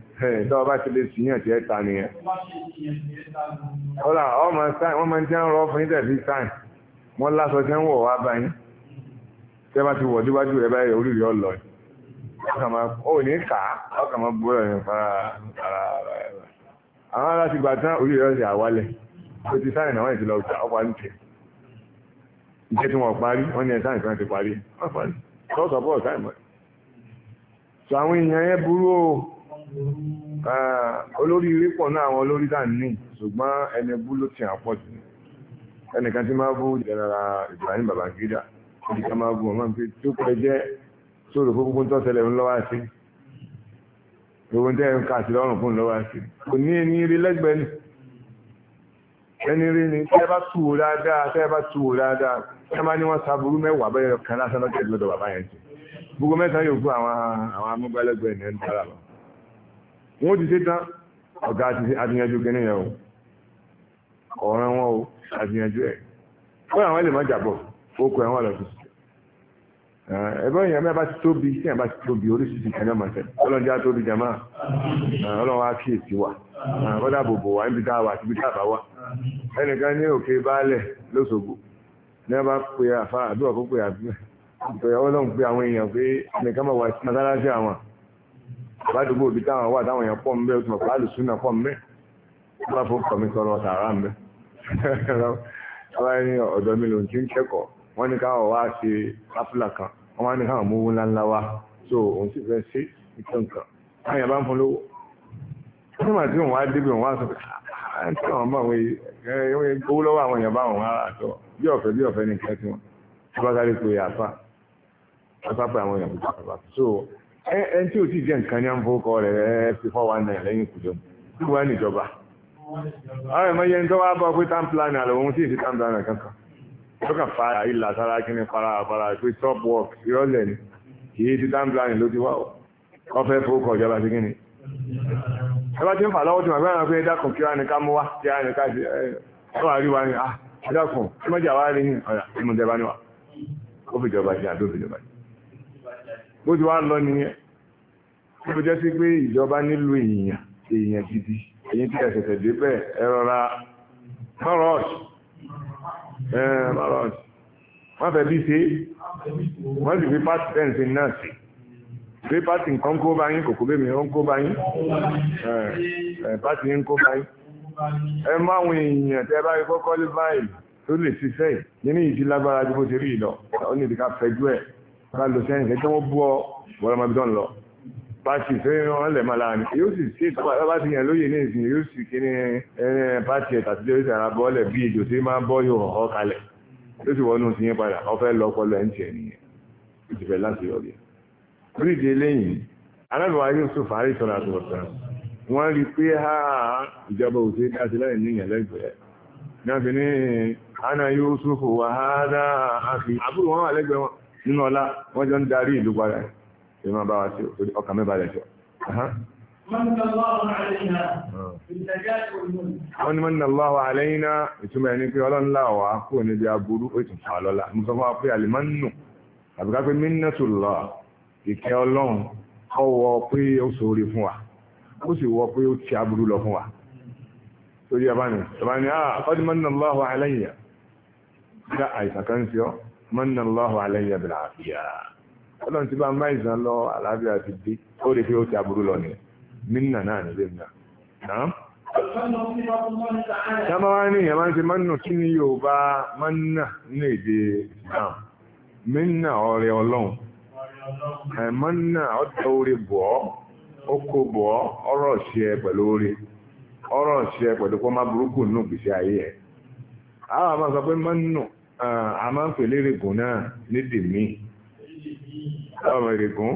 tọ́wọ́ bá ti lè síyàn tí ẹ ta nìyẹn. ọ̀là ọmọ sáì wọ́n máa ń tí ń fún ìtẹ̀fí sáì wọ́n lásọ tí ń wọ̀ wá báyìí tẹ́ bá ti wọ̀ díwájú rẹ̀ báyìí orí rẹ̀ ọ̀lọ́ ò ní kà á ọkà máa bú ọ̀rọ̀ yẹn fara ara rẹ̀. àwọn ará ti gbà tán orí rẹ̀ ọ̀sẹ̀ àwálẹ̀ ó ti sáì náà wọ́n ti lọ gbà ọ̀pá ń iṣẹ́ tí wọ́n parí wọ́n ní ẹ̀ sáì kan ti parí wọ́n parí tọ́sọ̀ bọ́ọ̀ sáì mọ́. sọ àwọn èèyàn yẹn burú o Ah, olórí ilé pọ̀ náà àwọn olórí dà ní ṣùgbọ́n ẹni bú ló ti àpọ̀ jù ẹnìkan tí máa bú jẹnara Ibrahim Babangida ẹnìkan máa bú ọmọ nípa tó pẹ́ jẹ́ sóòrò fún gbogbo ń tọ́sẹ̀lẹ̀ ń lọ́wọ́ sí gbogbo ń tẹ́ ń kà sí lọ́rùn fún lọ́wọ́ sí kò ní ẹni rí lẹ́gbẹ̀ẹ́ ni ẹni rí ni tẹ́ bá tù wò dáadáa tẹ́ bá tù wò dáadáa tẹ́ bá ní wọ́n saburú mẹ́wàá bẹ́ẹ̀ kan lásán lọ́kẹ́ lọ́dọ̀ bàbá yẹn ti gbogbo mẹ́ta yòókù àwọn amúgbálẹ́gbẹ̀ẹ́ ni ẹni dára lọ wọ́n ti ṣe tán ọ̀gá àti àtìyànjú kìíní yẹn o ọ̀ràn wọn o àtìyànjú ẹ̀ fún àwọn ẹlẹ́mọ̀ jàbọ̀ okò ẹ̀wọ̀n lọ sí ẹ̀bọ́n yẹn bá ti tóbi tí yẹn bá ti tóbi oríṣiríṣi ìkànnì ọmọ ṣẹ ọlọ́run já tóbi jàmá ọlọ́run á kíyèsí wa bọ́dà bòbò wa níbi tá a wà àti ibi tá a bá wà ẹnìkan ní òkè baálẹ̀ lóṣogbo ní wọ́n bá pe àfa àdúrà kó pe àdúrà ọlọ́run pe àwọn èèyàn pé ẹnìkan máa wà sí mọ́sálásí àwọn àbádùgbò òbí táwọn wà táwọn èèyàn pọ̀ mbẹ́ òtún ọ̀pá àlùsúnà pọ̀ mbẹ́ bá fún kọ̀mí tọrọ sàárà mbẹ́ ọlọ́rin ní ọ̀dọ́ mi lòun ti ń kẹ́kọ̀ọ́ wọ́n ní káwọn wá ṣe áfúlà kan wọ́n wá ní káwọn mú owó ńláńlá wá so òun sì fẹ́ ṣe ìtọ́ nǹkan káyà bá ń fún lówó wọ́n mà tí òun wá débi òun wá sọ pé àǹtí ah, ah, àwọn bá àwọn èèyàn owó lọ́wọ́ àwọn èèyàn bá àwọn ará àtọ bí ọ̀fẹ́ bí ọ̀fẹ́ wọn tí ẹn tí ò tí jẹ́ nǹkan ní à ń fowókọ rẹ̀ ẹ fi four one nine lẹ́yìn ìkùjọ tí wọ́n ní ìjọba. àwọn ẹ̀mọ́ yẹn tó wá bọ́ pé town planner àlọ́ ohun tí èsì town planner kankan tó kàn fa ìlà sára kíni para àpara pé top work ìrọ̀lẹ́ ni kì í ti town planner ló ti wá o wọ́n fowókọ ìjọba sí kíni. ẹ bá ti ń fà lọ́wọ́ tí wọ́n gbọ́dọ̀ pé dákun kí wá ní ká mú wá kí wá ní ká ṣe ẹ wà rí wa ní ah dákun ẹ mọ̀jà wá rí ní ọ̀yà ìmọ̀jẹ̀ bá ní wa ó fi ìjọba ṣe àdó fi ìjọba ṣe bó ti wá lọ nìyẹn ó lọ jẹ́ sí pé ìjọba nílò èèyàn èèyàn gidi èyí tí ẹ̀sẹ̀sẹ̀ dé bẹ́ẹ̀ ẹ rọra mọ́rọ̀ọ̀sì ẹ mọ́rọ̀ọ̀sì wọ́n fẹ́ bí ṣe wọ́n sì fi pàtì tẹ́ǹsì náà sí pé pàtì nǹkan kó bá yín kòkó bèmí ó ń kó bá yín pàtì yín kó bá yín ẹ má àwọn èèyàn tẹ́ bá rí kọ́kọ́ lé báyìí tó lè ṣiṣẹ́ yìí nínú ìdí lágbára ju ṣe rí lọ ó ní ìdí fẹjú ẹ̀ ká lọ sẹ́yìn kẹ́kẹ́ wọ́n bú ọ wọ́n máa bí tán lọ pàtì fẹ́ wọn lẹ̀ máa láàrin yóò sì sí ìtọ́pàá bá ti yàn lóye ní ìsìn yóò sì kí ní ẹni pàtì ẹ̀ta tí lórí sàrà bọ́ọ̀lẹ̀ bí ejò tí máa bọ́ yóò hàn ọ́ kalẹ̀ yóò sì wọnú sí yẹn padà ọfẹ́ lọ ọpọlọ ẹ̀ ń tiẹ̀ nìyẹn ó ti fẹ́ láti yọ bí. bíríìjì eléyìí alábàá yóò sùn fàárí sọ̀rọ̀ àtúntàn wọ́n rí pé ha ìjọba òṣèré dáṣe láì níyàn lẹ́gbẹ̀ẹ́ nínú ọlá wọ́n jọ ń darí ìlú padà èyí máa bá wa sí ọkàn mẹ́ba rẹ̀ sọ. wọ́n ní mọ́nà lọ́wọ́ àlẹ́yìnà ìtumọ̀ ẹni pé ọlọ́run láwọ̀ á kúrò níbi aburú ó ti fà lọ́la mo sọ fún wa pé àlìmánù àbíká pé mínátù lọ ìkẹ́ ọlọ́run kọ́ wọ pé ó sóore fún wa ó sì wọ pé ó ti aburú lọ fún wa torí ẹ bá ọdún mọ́nà lọ́wọ́ àlẹ́yìnà bí àìsàn kan ń ṣe ọ́ mọ́nà lọ́hùn aláyé bẹ̀rẹ̀ àfíà ọlọ́run ti bá ń bá ìsàn lọ àlàáfíà ti dé ó rí pé ó ti aburú lọ nìyẹn mínà náà nílé mi náà. Sábà wá ní ìyẹn máa ń ṣe mọ́nà kí ni yóò bá mọ́nà ní èdè náà mínà ọ̀rẹ́ ọlọ́run mọ́nà ọ̀dọ́ orí bọ̀ ọ́ ó kó bọ̀ ọ́ ọ̀rọ̀ ṣe pẹ̀lú orí ọ̀rọ̀ ṣe pẹ̀lú kọ́má burúkú nù gbèsè ayé ẹ̀. Àwọn àmọ́ sọ pé mọ́nà Ah, a máa ń pè lérègùn náà nídì mí ọmọ ìrègùn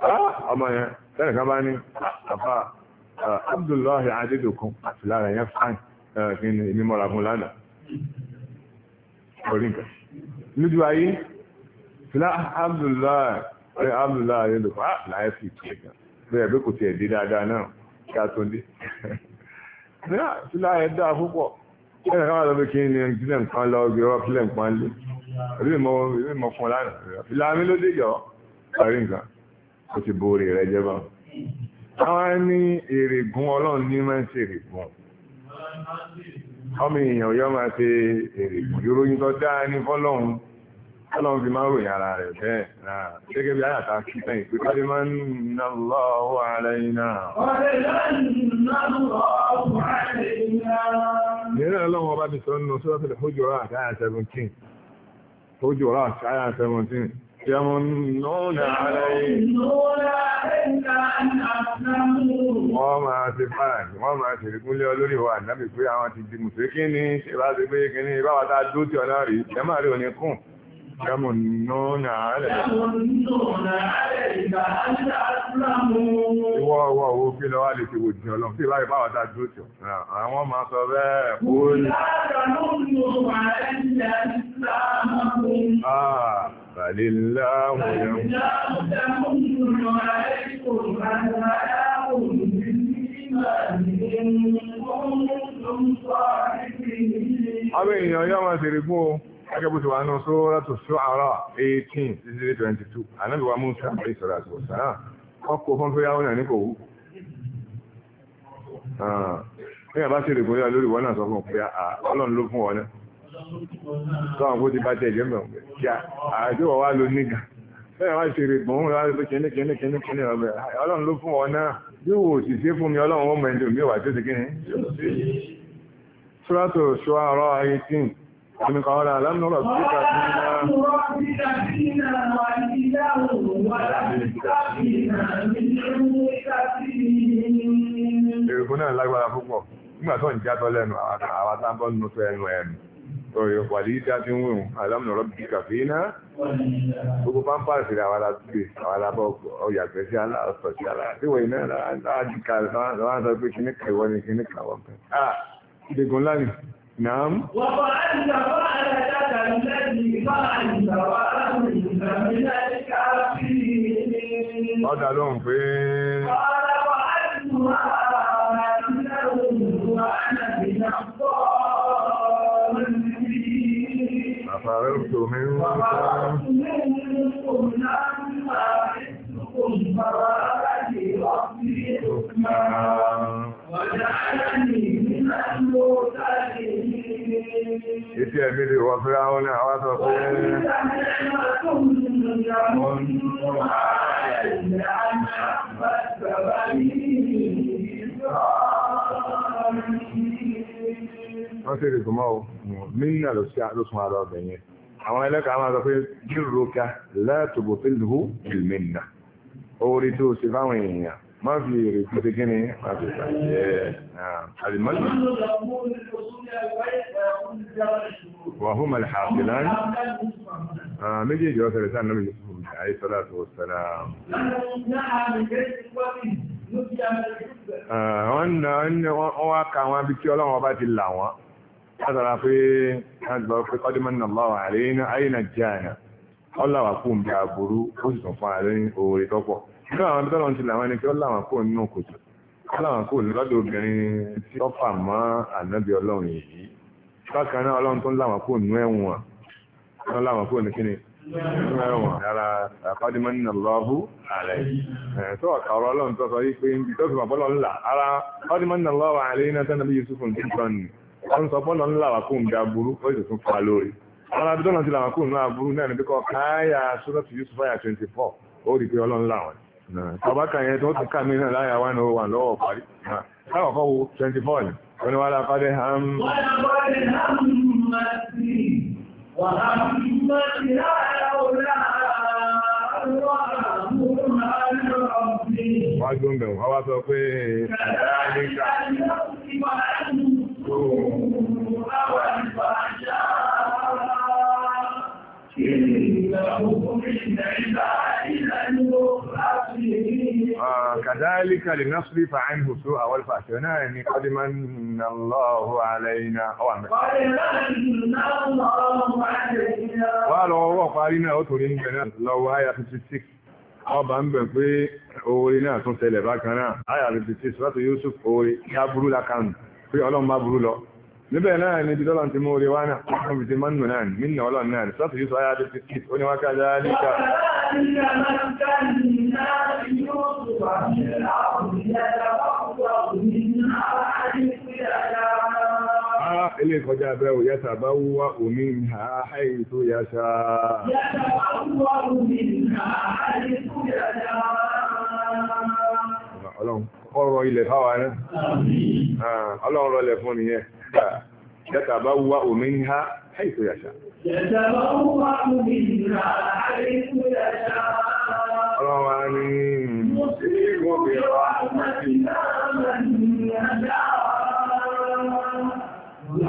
ah, ọmọ yẹn lẹ́nà kan bá ní àfà ah, Abdullahi Adédokun àti lára yẹn fáìn kí ni èmi mọ́ra fún lánàá orí nǹkan lójú ayé fìlà Abdullahi ọ̀rẹ́ Abdullahi Adédokun láyé fi tiẹ̀ kan bẹ́ẹ̀ bí kò tiẹ̀ di dáadáa náà kí a tó dé fìlà ẹ̀ púpọ̀ ẹ̀rọ káwọn lọ bí kí ni ìdílé nǹkan lọ bí ọwọ́ fílẹ̀ nǹkan lé orí mọ orí mọ fún lánàá ìlà mi ló dé yọ parí nǹkan ó ti borí rẹ jẹ bá àwọn ní èrègùn ọlọ́run ní máa ń ṣe èrègùn ọmọ èèyàn yọ máa ṣe èrègùn ìròyìn tó dáa ní fọlọ́run ọlọ́run fi máa ń ròyìn ara rẹ̀ bẹ́ẹ̀ náà gẹ́gẹ́ bí àyàtà kí sẹ́yìn pé kọ́dé máa ń ná lọ́wọ́ ara iná. nínú ọlọ́run ọba ti sọ nínú sọ́tẹ̀lẹ̀ Hujurat àyà 17 Hujurat àyà 17 يمنون عليك wọ́n máa ti fáàn wọ́n máa ti rí gúnlé olórí wa náà bí pé àwọn ti di mùsùlùmí kí tí يمنون عليك يمنون عليك أن تسلموا ìwọ ọwọ́ owó kí lọ wá lè fi wò jùlọ tí báyìí bá wàtá dúró tí àwọn máa sọ bẹ́ẹ̀ kó ní. Àlèláhùn Àwọn èèyàn yọ́ máa tèrè fún o gẹ́gẹ́ bó ti wà nínú Suratu Shu'ara 18 sí 22 ànábì wa Musa àbẹ́ ìsọ̀rọ̀ àti ọ̀sán ọkọ̀ fún fẹ́ yáwọn ní kò wú. ní àbá sí ìrìnkúnlẹ̀ lórí wọn náà sọ fún pé ah, ah, ọlọ́run ló fún ọ náà tọ́wọ́n kó ti bá tẹ̀ jẹ́ mọ̀ kíá àdéhùn wa ló nígà bẹ́ẹ̀ wá ṣe ìrìnkún wọn ló kíní kíní kíní kíní ọ̀bẹ̀ ọlọ́run ló fún ọ náà yóò wò sì ṣe fún mi ọlọ́run ó mọ ẹni tó mi wà tó ti kíni. Suratu Shu'ara 18 من قال ألم نربك فينا نربك فينا وإله ولبثنا من عمرك فينا ìrùkún náà lágbára púpọ̀ nígbà tó ń játọ́ lẹ́nu àwọn àtàbọ̀ nínú tó ẹnu ẹnu ọ̀yọ̀ wàlí dá fi ń wíhùn alámùnàrọ̀ bí kàfí iná gbogbo pampasì rẹ̀ àwọn alágbè àwọn alábọ̀ ọ̀yàgbẹ́ sí aláàtọ̀ sí aláàtíwọ̀ iná láàájíkà lọ́wọ́ sọ pé kíníkà ìwọ ni kíníkà wọ́n pẹ̀ Nàám. Wọ́pọ̀ láti sàkọ́ àdájáta lẹ́yìn bá ìgbàwà láti ìgbàmí láti káàkiri. Ọ̀dà ló ń pè é. Ọ̀dàwọ̀ àti ìwà àwọn àti ìlànà ìwà àti ìlànà Àfàrẹ́rùtò mi ń wá. Àfàrẹ́rùtò mi ń wá. Ìtí ẹ̀mí lè wọ fíra wọn náà wá sọ pé wọ́n sì rí kùmọ́ mínà ló sún ara ọ̀bẹ̀ yẹn. Àwọn ẹlẹ́kàá máa sọ pé jíròrókà látòbò fílùú ìlmínà. Orí tó ṣe fáwọn èèyàn má fi èrè kú ti kíni má fi bàjẹ́ àlìmọ́lì. wàhùn màlì hàfìlán méjèèjì ọ̀sẹ̀ rẹ̀ sáà nàbì yusuf àyè sọ́lá tó sọ́lá. wọ́n na wọ́n wá ka wọn bí kí ọlọ́run ọba ti là wọ́n látara pé àgbà pé kọ́dímọ́ nà lọ́wọ́ àlẹ́ ayé nàìjíríà ọlọ́wà kú ń bí aburú ó sì tún fún àlẹ́ oore tọ́pọ̀ nínú àwọn abẹ́tọ́ lọ́n ti làwọn ẹni pé ó láwọn kò nínú kòtò ó láwọn kò ní lọ́dọ̀ obìnrin tí ó fà mọ́ ànábì ọlọ́run yìí bákan náà ọlọ́run tó ń láwọn kò nínú ẹ̀wọ̀n wọ́n láwọn kò ní kíni nínú ẹ̀wọ̀n ara àpádìmọ́ nínú lọ́hù àlẹ́ tó ọ̀kà ọ̀rọ̀ ọlọ́run tó sọ yìí pé ibi tó fi mọ̀ bọ́lọ̀ ńlá ara àpádìmọ́ nínú lọ́hù àlẹ́ iná tẹ́lẹ̀ bí Yusuf ń tọ́ ni wọ́n sọ bọ́lọ̀ ńlá wà kó ń ọbákà yẹn tó ti ká mìíràn láyà 101 lọ́wọ́ parí láwọ̀kọ́ wo 24 ni wọ́n ni wọ́n lápàdé ham wọ́n gbọ́n wọ́n wá sọ pé ẹ̀rẹ́ àdínkà kàdálíkà lè násùlì fàáìn hùsù àwọn fàṣẹ náà ni kọ́dímọ̀ nà lọ́wọ́ aláìna ọwà mẹ́. wà lọ́wọ́ parí náà ó torí ń bẹ̀ náà lọ́wọ́ àyà 56 ọba ń bẹ̀ pé oore náà tún tẹlẹ̀ bákan náà àyà 56 láti Yusuf oore yá burú lákàn pé ọlọ́run bá burú lọ níbẹ̀ náà ni bí dọ́lọ́n ti mú orí wá náà wọ́n fi ti mọ́ nù náà mí nà ọlọ́run náà sọ́tù yìí sọ ayá dé fi níta. Ah, ilé ìkọjá abẹ́ ò yáta bá wúwá omi ń ha àìyí tó yá ṣáá. Yáta bá wúwá omi ń ha àìyí tó yá ṣáá. Ọlọ́run ọ̀rọ̀ ilẹ̀ fáwa náà. Ah, Ọlọ́run rọlẹ̀ fún ni yẹn. Yáta bá wúwá omi ń ha àìyí tó yá ṣáá. Yáta bá wúwá omi ń ha àìyí tó yá ṣáá. Ọlọ́run wa ní برحمتنا Bílẹ̀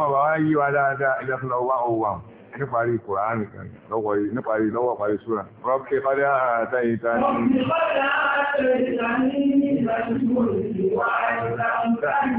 wọn bá wá yí wa dáadáa ilẹ̀ fún lọ́wọ́ níparí Kùránì kan níparí lọ́wọ́ parí Súra. Rọ́pẹ́ fádá àtà ìta ní. Rọ́pẹ́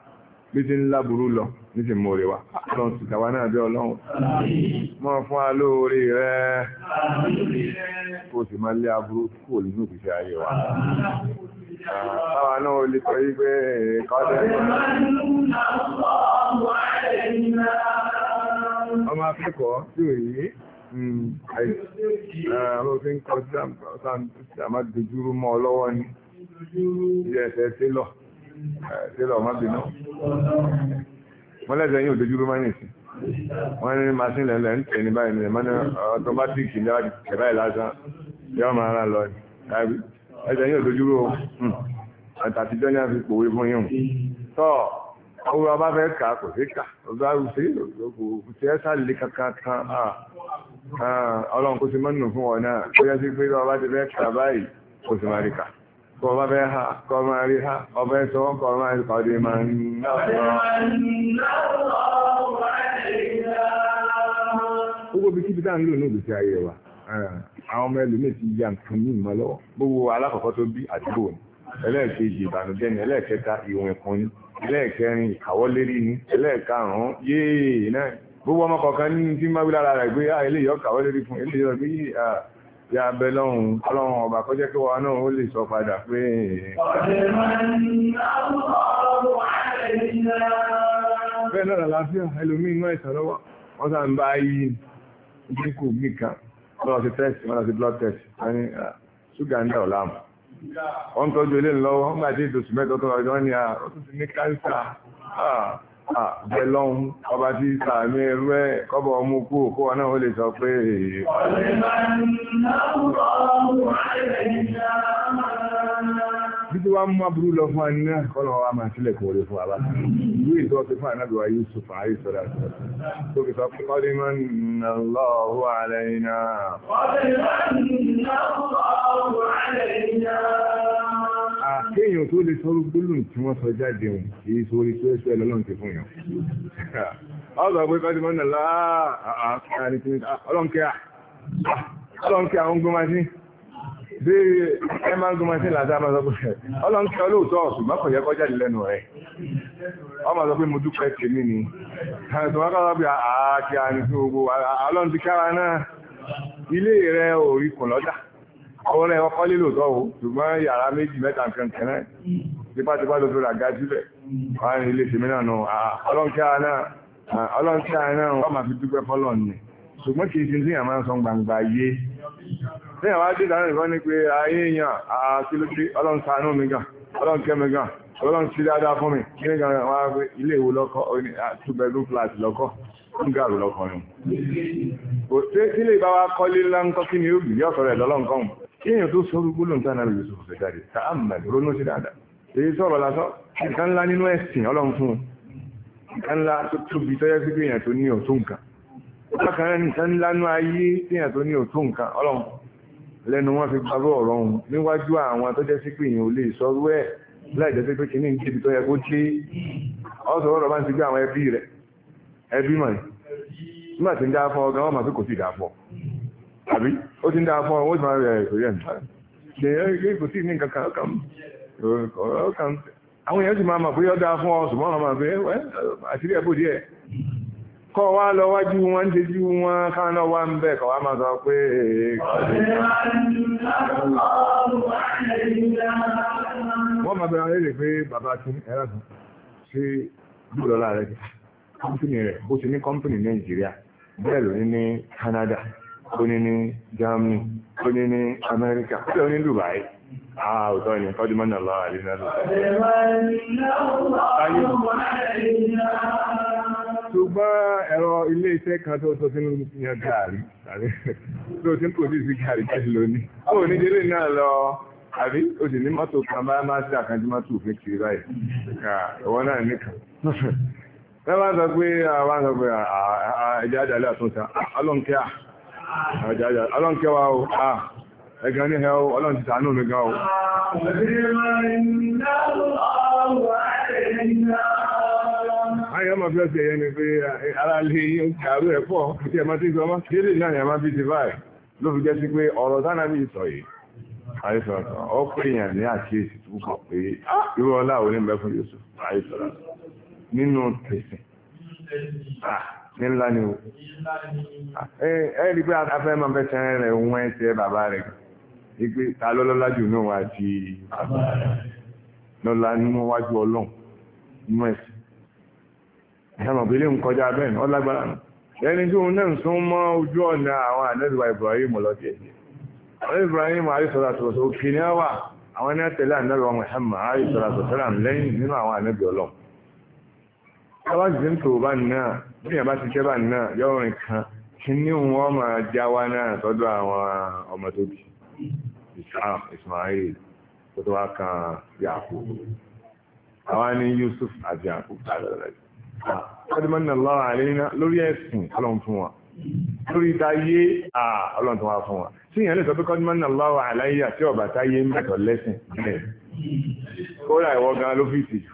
bí ti ń láburú lọ ní ti mọ̀rẹ̀ wa ọlọ́run ti tàwa náà bí ọlọ́run mọ́ fún wa lóore rẹ kó sì máa lé aburú kò nínú òkúta ayé wa báwa náà ó lè kọ́dẹ̀ ọmọ akẹ́kọ̀ọ́ tí ò yé àwọn òfin kọ́ sí àmàdójúrú mọ́ ọ lọ́wọ́ ni ẹ̀sẹ̀ tẹ́lọ̀ tẹ́lọ̀ má bínú mọ́lẹ́sẹ̀ yóò dojú rú máa nìsí wọ́n ní masin lẹ́lẹ́ ń tẹ̀ ní báyìí ní ẹ̀mọ́ni ọtọmátìkì ní ẹ̀bá ìlàsán yọ́ máa rán lọ tàbí ẹsẹ̀ yóò dojú rú hmm. àtàtijọ́ ní àfi pòwe fún yín tọ́ owó ọba fẹ́ kà kò sí kà ọba ṣe kò sí ẹ́sà lè kankan kan ọlọ́run kò sí mọ́nù fún ọ náà kó yẹ kọba bẹ ha kọma rí ha ọbẹ tó kọma ìpàdé ma ń gbogbo ń lò àwọn ọmọ ẹlòmíì ti ya nǹkan ní ìmọ̀ lọ́wọ́ gbogbo alákọ̀ọ́kọ́ tó bí àdúgbò ni ẹlẹ́ẹ̀kejì ìbànújẹ́ ni ẹlẹ́ẹ̀kẹta ìwọ̀n ẹ̀kún ni ẹlẹ́ẹ̀kẹrin ìkàwọ́lérí ni ẹlẹ́ẹ̀karùn-ún yéè náà gbogbo ọmọ kọ̀ọ̀kan ní tí má wí lára rẹ̀ gbé ya abẹ lọ́hùn ọlọ́run ọba kó jẹ́ kí wa náà ó lè sọ padà pé bẹ́ẹ̀ náà làlàáfíà ẹlòmí inú ẹ̀sàn lọ́wọ́ wọ́n sá ń bá yí dínkù nìkan wọ́n lọ sí test wọ́n lọ sí blood test wọ́n ní ah, ṣúgà ń dà ọ̀ láàmú wọ́n tọ́jú ilé ńlọ́wọ́ wọ́n gbà tí ìdòsùn mẹ́tọ́ tó lọ sí wọ́n ní à ah, ó tún ti ní káńsà Ah, Bẹ̀lọ́n ọba tí sàmì ẹgbẹ́ kọ́bọ̀ ọmú kú òkú wọn náà ó lè sọ pé èèyàn. Títí wá mú aburú lọ fún ẹni náà kọ́lọ̀ wa máa sílẹ̀ kò wọlé fún wa bá. Ìlú ìtọ́ ti fún ànábì wa Yusuf Ayé Sọ́dá sọ. Tó fi sọ pé kọ́lé máa ń kéèyàn tó lè sọ̀rọ̀ gbólóhùn tí wọ́n sọ jáde wọn èyí sórí tó ẹsẹ̀ lọ́lọ́run ti fún yàn. ọ̀sán pé fásitì mọ́nà láàá ní kíni ọlọ́nkẹ́ à ọlọ́nkẹ́ àwọn gbọmọsí bí ẹ máa ń gbọmọsí ọlọ́nkẹ́ olóòótọ́ máa sọ pé mo a ní àwọn ọ̀rẹ́ ọkọ́ lílò tọ́wọ́ ṣùgbọ́n yàrá méjì mẹ́ta kankan náà tipátipá ló fi rà ga síbẹ̀ wọ́n ní ilé tèmi náà nù ọlọ́nkẹ́ àná wọ́n máa fi dúpẹ́ fọ́lọ̀ nì ṣùgbọ́n kì í ṣe tí àmà ń sọ gbangba yé tí àwọn adé dáná nìkan ní pé ayé èèyàn àkílódé ọlọ́nkánú mi gan ọlọ́nkẹ́ mi gan ọlọ́nkí dáadáa fún mi kí ní gan wọ́n á pé ilé ìwò lọ́kọ́ two bedroom flat lọ́kọ́ ń gàrú lọ́kọ́ ni. òṣèlú ilé ìbáwá kọ́lé ńlá ńkọ́ kí ni ó bì yọ̀ọ̀sọ̀ rẹ̀ lọ́lọ́nkọ́hùn kéèyàn tó sọ gbogbo lóun tánà lè sọ fẹ́ jáde tààmà ronú sí dáadáa èyí sọ̀rọ̀ lásán nǹkan ńlá nínú ẹ̀sìn ọlọ́run fún un nǹkan ńlá tó tóbi tọ́jọ́ sí kéèyàn tó ní ọ̀tún nǹkan bákan náà nǹkan ńlá nú ayé kéèyàn tó ní ọ̀tún nǹkan ọlọ́run lẹ́nu wọn fi gbàgbọ́ ọ̀rọ̀ ọ̀hún níwájú àwọn tọ́jọ́ sí pé èèyàn ò lè sọrú ẹ̀ láì pé kìíní níbi tó yẹ kó àbí ó ti ń dáa fún ọwọ́ ìsìnkú rẹ̀ kò yẹ ṣèyàn kò sí ní kankan ọkàn ọkàn àwọn èèyàn sì máa mọ̀ pé ó dáa fún ọ ṣùgbọ́n ọmọ pé àṣírí ẹ̀bù díẹ̀ kọ́ wá lọ wájú wọn ṣe jú wọn káwọn náà ń bẹ̀ kọ́ wá máa sọ pé wọ́n máa bẹ̀rẹ̀ lè pé bàbá tí ẹ̀rọ kan ṣe dúró lọ́la rẹ̀ kọ́mpìnì rẹ̀ bó ṣe ní kọ́mpìnì Nàìjíríà bẹ́ẹ̀ lóní ní Canada oní ni Germany oní ni America ó ní Dubai àà ah, òtọ́ ni kọ́ dìmọ́nà lọ àríná lọ ṣùgbọ́n ẹ̀rọ ilé iṣẹ́ kan tó tó sínú yan gààrí tó tí ń pòdísì gààrí jáde lónìí ó ní délé náà lọ àbí o sì ní mọ́tò kan bá máa sí àkànjú mọ́tò òfin kiri báyìí ká ìwọ náà nìkan ẹ bá sọ pé àwọn sọ ẹjẹ àdàlẹ́ àtúnṣe alóńkẹ́ àjàjà ọlọ́n kẹwàá o a ẹgbẹ̀rún ní ẹ̀họ́ ọlọ́n ti sàánú o àyẹ́ ọmọ ẹ̀yẹ́ ni pé ara lè yí àrú ẹ̀pọ̀ tí ẹ tí sọmọ́ kéde náà yà bí ti báyìí ló fi jẹ́ sí pé ọ̀rọ̀ yìí àìsọ̀rọ̀ ọ pé èèyàn ní àkíyèsí pé ọlá òní mẹ́fún àìsọ̀rọ̀ nínú ní ńlá ni o ẹ rí pé afẹ́ máa fẹ́ sẹ́rẹ́ rẹ̀ wọ́n ẹ̀ tẹ́ bàbá rẹ̀ wípé ta lọ́lọ́lá jù náà wá ti lọ́lá nínú wájú ọlọ́run nínú ẹ̀sìn ẹ̀yà mọ̀ bílé ń kọjá bẹ́ẹ̀ ọ lágbára ẹni tí òun náà ń sún mọ́ ojú ọ̀nà àwọn àdẹ́sìwà Ibrahim lọ́tí ẹ̀jẹ̀ ọ̀rẹ́ Ibrahim àríṣọ́lá sọ̀rọ̀ òkè ní àwà àwọn ẹni tẹ̀lé àdẹ́sìwà Muhammad àríṣọ́lá sọ̀rọ̀ lẹ́yìn nínú àwọn àdẹ́bì tọ́wọ́ sì ń tò bá náà bí yàrá ti jẹ́ bá náà yọ̀rọ̀ nǹkan kí ní wọn máa já wá náà tọ́jú àwọn ọmọ tó bí Ishaq Ismail tó tó wá kan yàkó àwa ní Yusuf àti yàkó ọdúnmọ́nà lọ́wọ́ àríná lórí ẹ̀sìn ọlọ́run fún wa lórí táyé ọlọ́run tó wá fún wa tí ìyẹn lè sọ pé kọ́dúnmọ́nà lọ́wọ́ àláyé àti ọ̀bà táyé ń bẹ̀tọ̀ lẹ́sìn bẹ́ẹ̀ kódà ìwọ gan ló fi ìtìjú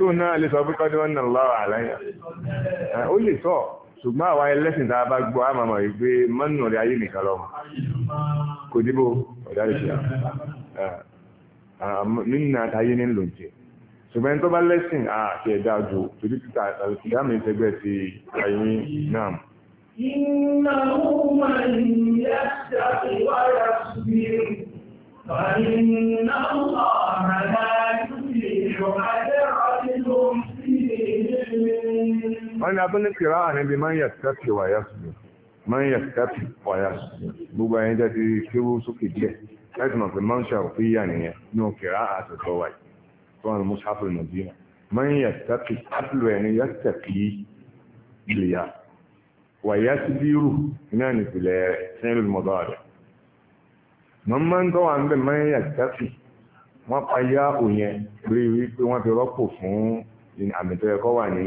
tó náà lè sọ pé kọ́ díwọ́n náà lọ́wọ́ àláyà ó lè sọ ṣùgbọ́n àwa ẹlẹ́sìn tá a bá gbọ́ á màmá yìí pé mọ́nù rẹ̀ ayé nìkan lọ́wọ́ kò dìbò ọ̀dà lè ṣe nínú àtàyé ní ló ń jẹ ṣùgbọ́n tó bá lẹ́sìn àti ẹ̀dá ju torí títà àlùkìyà mi ṣẹgbẹ́ ti ayé náà. إنه من يتق ويصبر فإن الله wọ́n ni abúlé kìrá àníbi máa ń yà tẹ́tì wàyà sùn máa ń yà tẹ́tì wàyà sùn gbogbo ẹ̀yìn jẹ́ ti kéwú sókè díẹ̀ láti mọ̀ pé máa ń ṣàròkú yíyà nìyẹn ní òkèrà àtẹ̀tọ̀ wáyé tó wọn mú sáfìlì nàìjíríà máa ń yà tẹ́tì sáfìlì ẹ̀ ní yà tẹ́tì ìlìyà wàyà sí bírù náà ní ìpìlẹ̀ sẹ́yìn mọ̀dọ́ rẹ̀ wọ́n máa ń tọ́ wà ń máa ń yà tẹ́tì wọ́n pa yá òyìn rí wípé wọ́n fi rọ́pò fún àmì tó yẹ kọ́ wà ní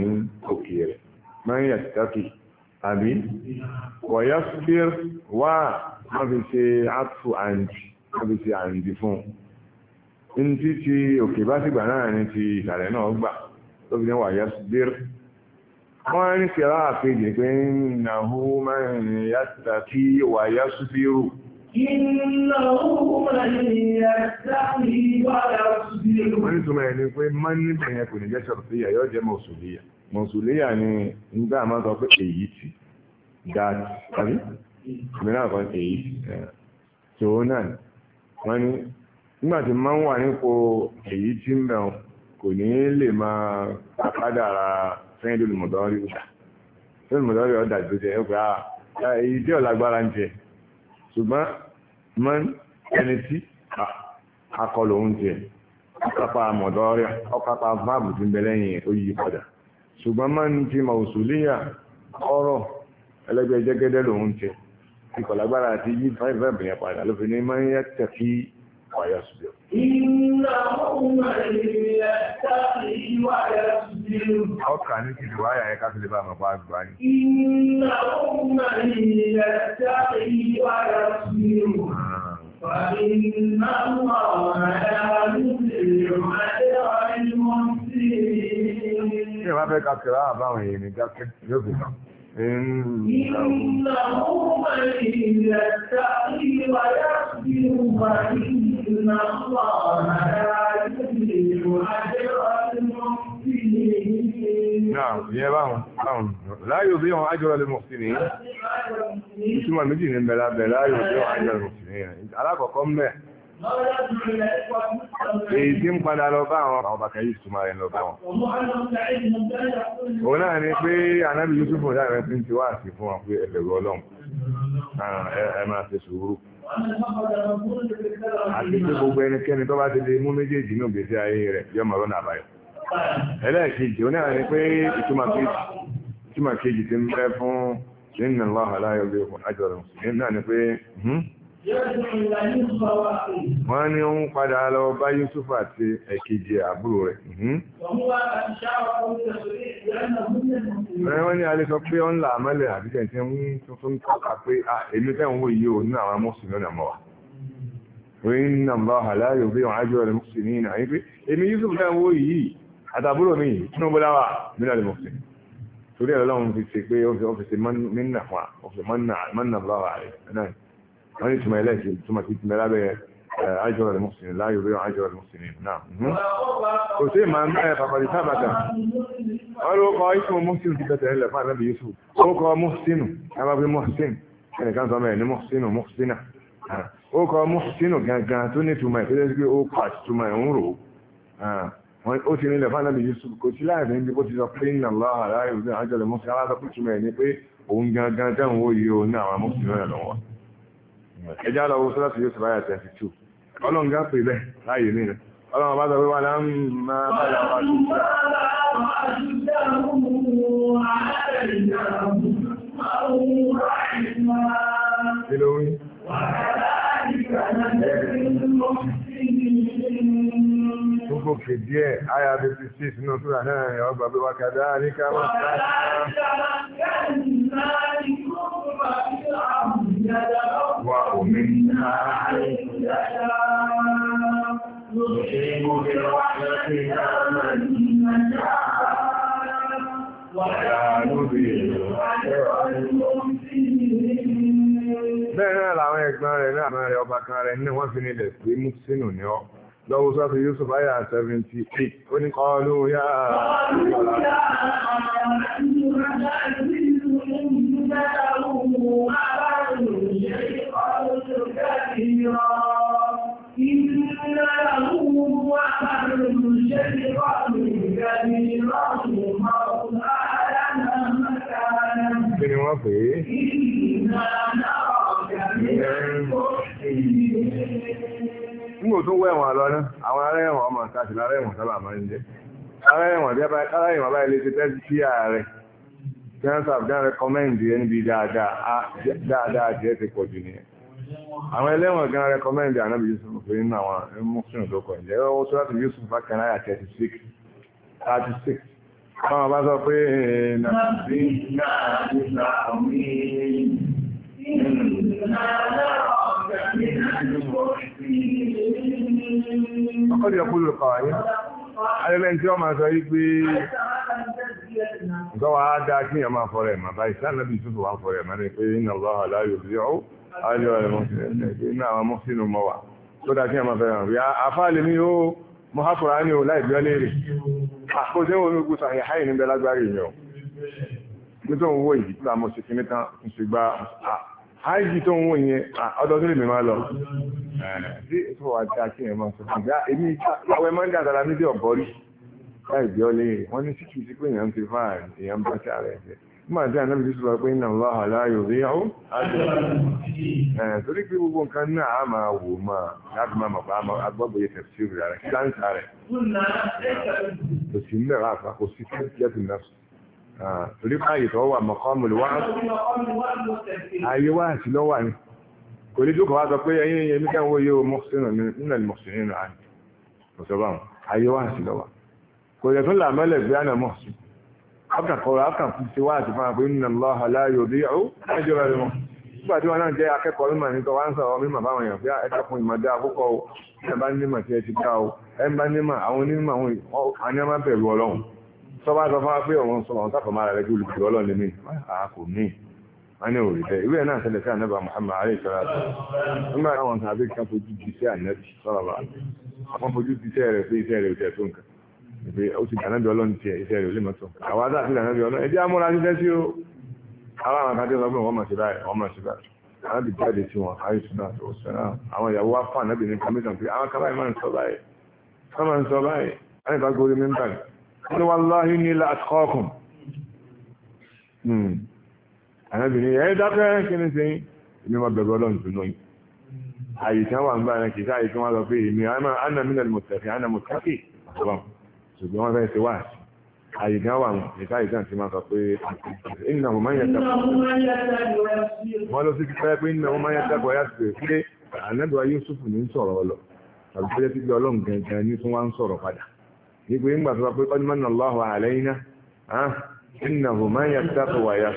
òkè rẹ̀ man yattaqi àbí wa yasbir wá wọ́n fi ṣe àtù àǹdì wọ́n anji, ṣe àǹdì fún un ní ti òkè bá ni ti ìsàlẹ̀ náà gba tó fi ní wa yasbir wọ́n ní kìrá àfẹ́jì pé nàhú mẹ́rin yàtà kí wà yá súfírù wọ́n ní túnmọ̀ ẹni pé mọ́ ní bẹ̀yẹn kò ní jẹ́ ṣọ̀rọ̀ sí yà mọ̀sùlẹ́yà ni nígbà máa sọ pé èyí ti dat tàbí mìíràn kan èyí tó náà wọ́n ní nígbà tí máa ń wà nípo èyí tí ń bẹ̀ kò ní lè máa pàkádàra fẹ́yìn lólùmọ̀dọ́rí lólùmọ̀dọ́rí ọ̀dà tó jẹ́ ẹgbẹ́ à èyí tí ọ̀lágbára ń jẹ ṣùgbọ́n mọ́n ẹni tí akọlù oúnjẹ ọkápá mọ̀dọ́rí ọkápá máàbù tí ń bẹ lẹ́yìn ó padà ṣùgbọ́n máa ń ti màùsùlíyà ọ̀rọ̀ ẹlẹ́gbẹ́ jẹ́gẹ́dẹ́ lòun tẹ ìkọ̀lágbára àti yí fáìfẹ́ ìbìyàn padà ló fi ní máa ń yẹ tẹ̀kí wáyà ṣùgbọ́. ọkà ní kìdì wáyà ẹ̀ká fi lè bá àmọ́ pa àgbà ní. Fàmí náà wà ní ìrọ̀lẹ́ èèyàn bá fẹ́ ka kẹ̀rọ àbáwọn èèyàn ní dákẹ́ yóò fi kàn. Láyò bí wọn ájọ́ lè mọ̀ sí ní ìtumọ̀ méjì ní mẹ́lá láyò bí wọn ájọ́ lè mọ̀ sí ní alákọ̀ọ́kọ́ mẹ́ èyí tí ń padà lọ bá àwọn àwọn bàkà yìí súnmọ́ rẹ̀ lọ bá wọn. òun náà ni pé anábì yusufu dáre fi ń ti wá àti fún wọn pé ẹbẹ̀rù ọlọ́run ẹ máa ṣe sùúrù. àti pé gbogbo ẹnikẹ́ni tó bá ti lè mú méjèèjì ní ògbésí ayé rẹ̀ yọ mọ̀rọ́ náà báyọ̀. ẹlẹ́ẹ̀kejì òun náà ni pé ìtumọ̀ kejì ti ń bẹ fún nínú aláhàlá yóò bí ọkùnrin àjọ Wọ́n ní ó ń padà lọ bá Yusuf àti ẹ̀kejì àbúrò rẹ̀. Mhm. Wọ́n ní a lè sọ pé ó ń là mẹ́lẹ̀ àbíkẹ̀ tí ń tuntun tọ́ka pé èmi tẹ́wọ̀n wò yíò ní àwọn mọ́sùn lọ́nà mọ́ wa. Wọ́n nà bá hàlá yóò bí wọ́n ájú ọ̀rẹ́ mọ́sùn ní ìnáyí pé èmi Yusuf tẹ́wọ̀n wò yìí àtàbúrò mi nínú bọ́lá wà mílíọ̀n lè mọ́sùn. Torí ẹ̀rọ lọ́wọ́n fi ṣe pé ó fi ṣe mọ́nà fún wa, ó fi mọ́nà bá wà rẹ̀ náà wọ́n ní ìtumọ̀ ẹlẹ́ẹ̀kì ìtumọ̀ sí ti mẹ́lábẹ́ àjọ rẹ̀ mùsùlùmí láyò rí àjọ rẹ̀ mùsùlùmí náà mhm. kò sí ìmọ̀ ẹ̀ pàpàdé sábàtà wọ́n ló kọ́ ìtumọ̀ mùsùlùmí ti bẹ̀tẹ̀ ẹlẹ̀ fún àbẹ́bí yusuf ó kọ́ mùsùlùmí ẹgbẹ́ mùsùlùmí ẹnìkan sọ mẹ́rin ní mùsùlùmí mùsùlùmí ó kọ́ mùsùlùmí gangan tó ní ìtumọ̀ ìfẹ́lẹ́ sí pé ó kọ́ àtìtumọ̀ ẹ̀ ń rò ó ti nílẹ̀ fún àbẹ́bí yusuf kò sí láàrin níbi bó ti sọ pé ìnà lọ́ ẹjá lọ wo sọ́lá tó yóò sọ́lá yàtọ̀ àti tù ọlọ́run pè bẹ́ẹ̀ láàyè mí rẹ̀ ọlọ́run bá sọ pé wà lá ń máa sí kí ló wí. náà ni ọgbà bí wákàdá ní ká wọ́n sáà. Wàdá ìjọba kẹ́ẹ̀sì náà وأمنا نصيب برحمتنا من نشاء ولا نضيع أجر Bẹ́ẹ̀ náà làwọn ẹ̀gbọ́n rẹ̀ náà máa rẹ̀ ọba kan rẹ̀ ní wọ́n fi nílẹ̀ pé Mùsùlùmí ni ọ́. Lọ́wọ́ sọ́tọ̀ Yusuf Aya 78, ó ní kọ́ lóòyà. Kọ́ lóòyà wọ́n pè é. Nígbò tó wọ ẹ̀wọ̀n lọ náà, àwọn ará ẹ̀wọ̀n ọmọ nǹkan sì lára ẹ̀wọ̀n sábà máa ń jẹ́. Ará ẹ̀wọ̀n bí Yusuf nínú àwọn Yusuf Báwọn bá sọ pé nàbí náà ní sàmì Ọkọ̀dé ọkùnrin lọ kọ̀wàá yìí. tí wọ́n máa dáa kí fọ́rẹ̀ báyìí ìtútù fọ́rẹ̀ Ah, kò sí wọn ológun sàyẹ̀ háì níbẹ̀ lágbárí yẹn o ní tó ń wò yìí gba mo sì fi ní tán ń sì gba háìjì ah, tó ń wò yẹn ah, ọdọ tó lè mi máa lọ sí ètò àti akínyẹn máa sọ fún mi èmi àwọn ẹ̀ ń dà sára mi bí ọ̀bọ rí láì bí ọ lè wọ́n ní síkì pé èèyàn ti fáà èèyàn bá sí ara ẹ̀ máa tí ànábì tó sọ pé iná lọ́hà láàyò rí ọ́ torí pé gbogbo nǹkan náà a máa wò máa láti máa mọ̀pá agbọ́gbòye tẹ̀síìrì rẹ̀ sáńtà rẹ̀ kò sí ń bẹ̀rẹ̀ àfà kò sí tẹ́tìyàtì náà torí báyìí tó wà mọ̀kọ́mù lè wá ayé wá sí lọ́wà ni kò ní dúkọ̀ wá sọ pé ẹyìn ẹ̀mí kẹ́ wo yóò mọ́sínà nínú mọ̀sínà nínú àná kò sọ akàkọ̀rọ̀ akàkùn ti wá àti fún àpò inna Allaha la yudi'u ajra rẹ̀ mọ́. nígbà tí wọn náà jẹ́ akẹ́kọ̀ọ́ mímọ̀ ní tọ́wọ́ ń sọ̀rọ̀ mímọ̀ báwọn èèyàn bí ah, ẹ dákun ìmọ̀ dá púpọ̀ o ẹ bá nímọ̀ tí ẹ ti dá o ẹ bá nímọ̀ àwọn onímọ̀ àwọn anímọ̀ bẹ̀rù ọlọ́run tọ́ba sọ fún wa pé òun sọ̀rọ̀ sáfàmà rẹ̀ kí olùkọ́ ọlọ́run lè mí àkò ìpè ó ti dànàbí ọlọ́run tiẹ̀ iṣẹ́ rẹ̀ ò lè mọ́tò àwa dà sí dànàbí ọlọ́run ẹjẹ́ amúra ṣiṣẹ́ sí o ara àwọn kan tí wọ́n sọ pé wọ́n mọ̀ sí báyìí wọ́n mọ̀ sí báyìí alábì jáde sí wọn àyè sùnà tó sẹ́nà àwọn ìyàwó wa fún ànábì ní kàmíṣàn pé àwọn kábàáyì máa ń sọ báyìí wọ́n máa ń sọ báyìí wọ́n ìbá gorí mímbà ní wọ́n ní wàláhí ní ilà àtúkọ́ọ̀kùn hmm. ànábì ní ẹ̀ dákẹ́ kí ni sẹ́yìn àyè tí wọ́n wà ń gbà náà kì í sáyè tí wọ́n lọ pé èmi àná mi nà mọ̀tẹ́kì àná mọ̀tẹ́kì àtọ́bàmù ṣùgbọ́n wọ́n fẹ́ ṣe wá sí àyè gan wà wọn ìta ìta ti máa sọ pé ìnà wọn máa ń yàtọ̀ wọn lọ sí kíkọ́ pé ìnà wọn máa ń yàtọ̀ kọ́ yá sí pé ànádùá Yusuf ní ń sọ̀rọ̀ ọlọ tàbí pé ti gbé ọlọ́run gangan ní tí wọ́n ń sọ̀rọ̀ padà nígbà yín gbà sọ pé kọ́ni mọ́nà lọ́hùn àlẹ́ iná ìnà máa ń yàtọ̀ kọ́ wáyà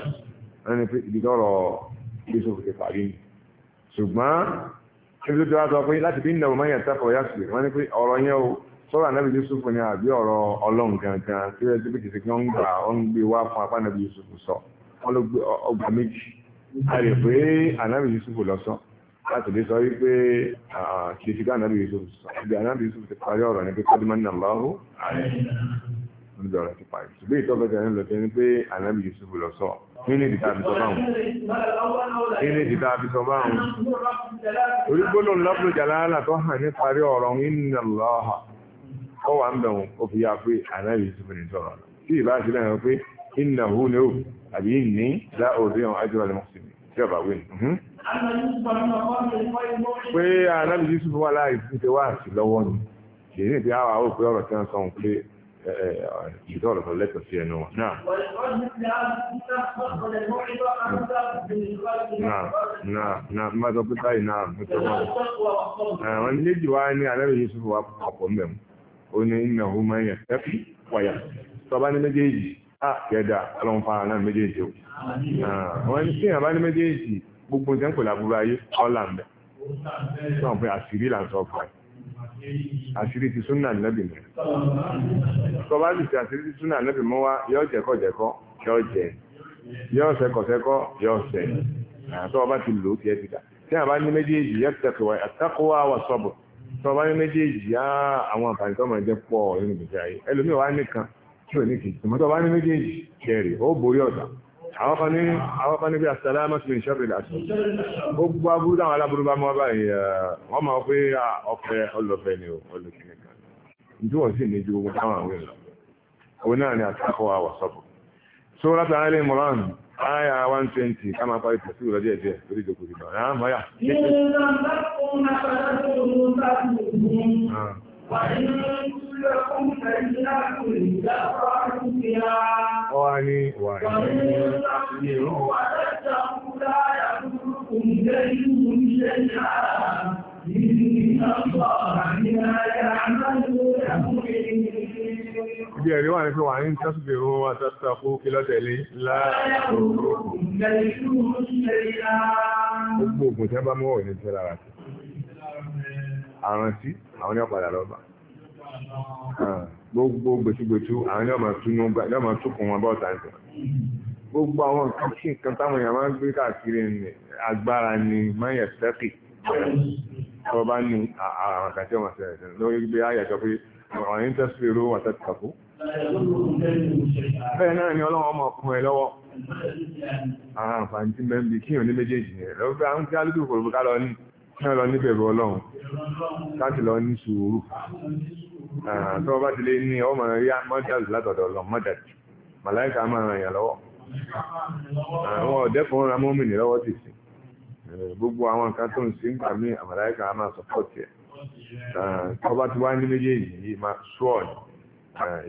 wọn pé ìdíkọ́rọ̀ Yusuf ti parí ni ṣùgbọ́n ibi tó ti wá sọ pé láti bí ìnà máa ń yàtọ̀ kọ́ sí wọn ni pé ọ̀rọ̀ yẹn o sọ́rọ̀ anábì yusuf ni àbí ọ̀rọ̀ ọlọ́run gangan tí wọ́n ti bíkì sí kí wọ́n ń gbà ó ń gbé wá fún apá anábì yusuf sọ wọ́n ló gbé ọgbà méjì a lè pé anábì yusuf lọ sọ láti lè sọ wípé kì í sí ká anábì yusuf sọ ibi anábì yusuf ti parí ọ̀rọ̀ ní pé kọ́dí máa ń nà lọ́hùn níbi ọ̀rọ̀ ti parí ṣùgbọ́n ìtọ́fẹ́ tẹ̀lé lọ tẹ́ni pé anábì yusuf lọ sọ nínú ìdíta àbísọ báwọn nínú ìdíta àbísọ báwọn orí gbólóhùn lọ́pọ̀ ọ wà ń bẹ̀ wọn ó fi yá pé ànábì Yusuf ní sọ̀rọ̀ tí ìbá ti lẹ́yìn pé iná hu ni ó àbí ní dá òde àwọn àjọ àlẹ́ mọ́sílẹ̀ tí ọba wí ni. Mhm. pé ànábì Yusuf wà láì fi ṣe wá sí lọ́wọ́ ni kì í ní ti àwọn àwọn òpè ọ̀rọ̀ tí wọ́n sọ wọn pé ìdọ́ ọ̀rọ̀ lẹ́tọ̀ sí ẹnu wọn. náà náà náà máa sọ pé báyìí náà mo sọ wọn. àwọn méjì wá ní ànábì Yusuf wà pọ̀ mẹ́mu ó ní ìnáwó mẹ́yẹ ẹ̀fí wàyà tọba ní méjèèjì á kẹ́dà ọlọ́run fara náà méjèèjì o ah, wọ́n ní sí àbá ní méjèèjì gbogbo ìjẹ́ ń pè lábúrú ayé ọ̀là ń bẹ̀ sọ̀rọ̀ pé àṣírí là ń sọ fún ẹ àṣírí ti súnà nẹ́bì mẹ́ tọba sì ti àṣírí ti súnà nẹ́bì mọ́ wá yọ jẹ́kọ̀jẹ́kọ́ yọ jẹ́ yọ sẹ́kọ̀sẹ́kọ́ yọ sẹ́ àtọ́ ah, ọba ti lò ó tiẹ̀ ti dà tí àbá ní méjèèjì yẹ tó bá ní méjèèjì á àwọn àǹfààní tó máa jẹ́ pọ̀ nínú ìgbésí ayé ẹlòmíràn wá nìkan tí ò ní kejì tòmọ́ tó bá ní méjèèjì kẹrì ó borí ọ̀tá àwọn kan ní àwọn kan ní bí asalama tó lè ṣọ́ọ̀bì láti gbogbo aburú táwọn aláburú bá mọ́ báyìí wọ́n máa pé ọ̀fẹ́ ọlọ́fẹ́ ni ó olùkíní kan ní wọ́n sì ní ju gbogbo táwọn àwọn èèyàn lọ òun náà ni àtàkọ́ Aya 120, ká máa parí pẹ̀sí ìrọ̀lẹ́ ẹ̀jẹ̀ lórí ìjọkò ìgbà. Àá mọ́yà. Ọwá ní wà ní ìrìn àpá àmì bí ẹ̀rí wà ní fi wà ní tásùgbè wọn wà tásùgbò kí lọ́tẹ̀lé láàrín gbogbo ògùn tẹ́ bá mọ́ òní tẹ́ lára sí àrántí àwọn ní ọ̀padà lọ́ba ah, gbogbo gbẹ̀túgbẹ̀tú àwọn ní ọmọ túnkùn wọn bọ́ọ̀tà ń tẹ̀ gbogbo àwọn nǹkan sí nǹkan táwọn èèyàn máa ń gbé káàkiri agbára ni mayẹ̀ sẹ́kì tó bá ní ah, àwọn àkàtì ọmọ sẹ́yẹ̀ lórí gbé ayẹ̀tọ́ pé àwọn ìntẹ́sìrò wà tẹ́tàkù Bẹ́ẹ̀ náà ni ọlọ́wọ́ ọmọ ọkùn ẹ lọ́wọ́. Àwọn àǹfààní tí mẹ́ ń bí kí o ní méjèèjì rẹ̀ lọ́gbẹ́ àwọn tí a lùdù kòrò ká lọ ní kí lọ ní bẹ̀rẹ̀ ọlọ́run láti lọ ní sùúrù. Tó bá ti lé ní ọmọ rí mọ́jáde látọ̀dọ̀ ọlọ́run mọ́jáde. Màláìka máa ràn yàn lọ́wọ́. Àwọn ọ̀dẹ́ fún ra mọ́mìnì lọ́wọ́ ti sìn. Gbogbo àwọn nǹkan tó ń sìn gbà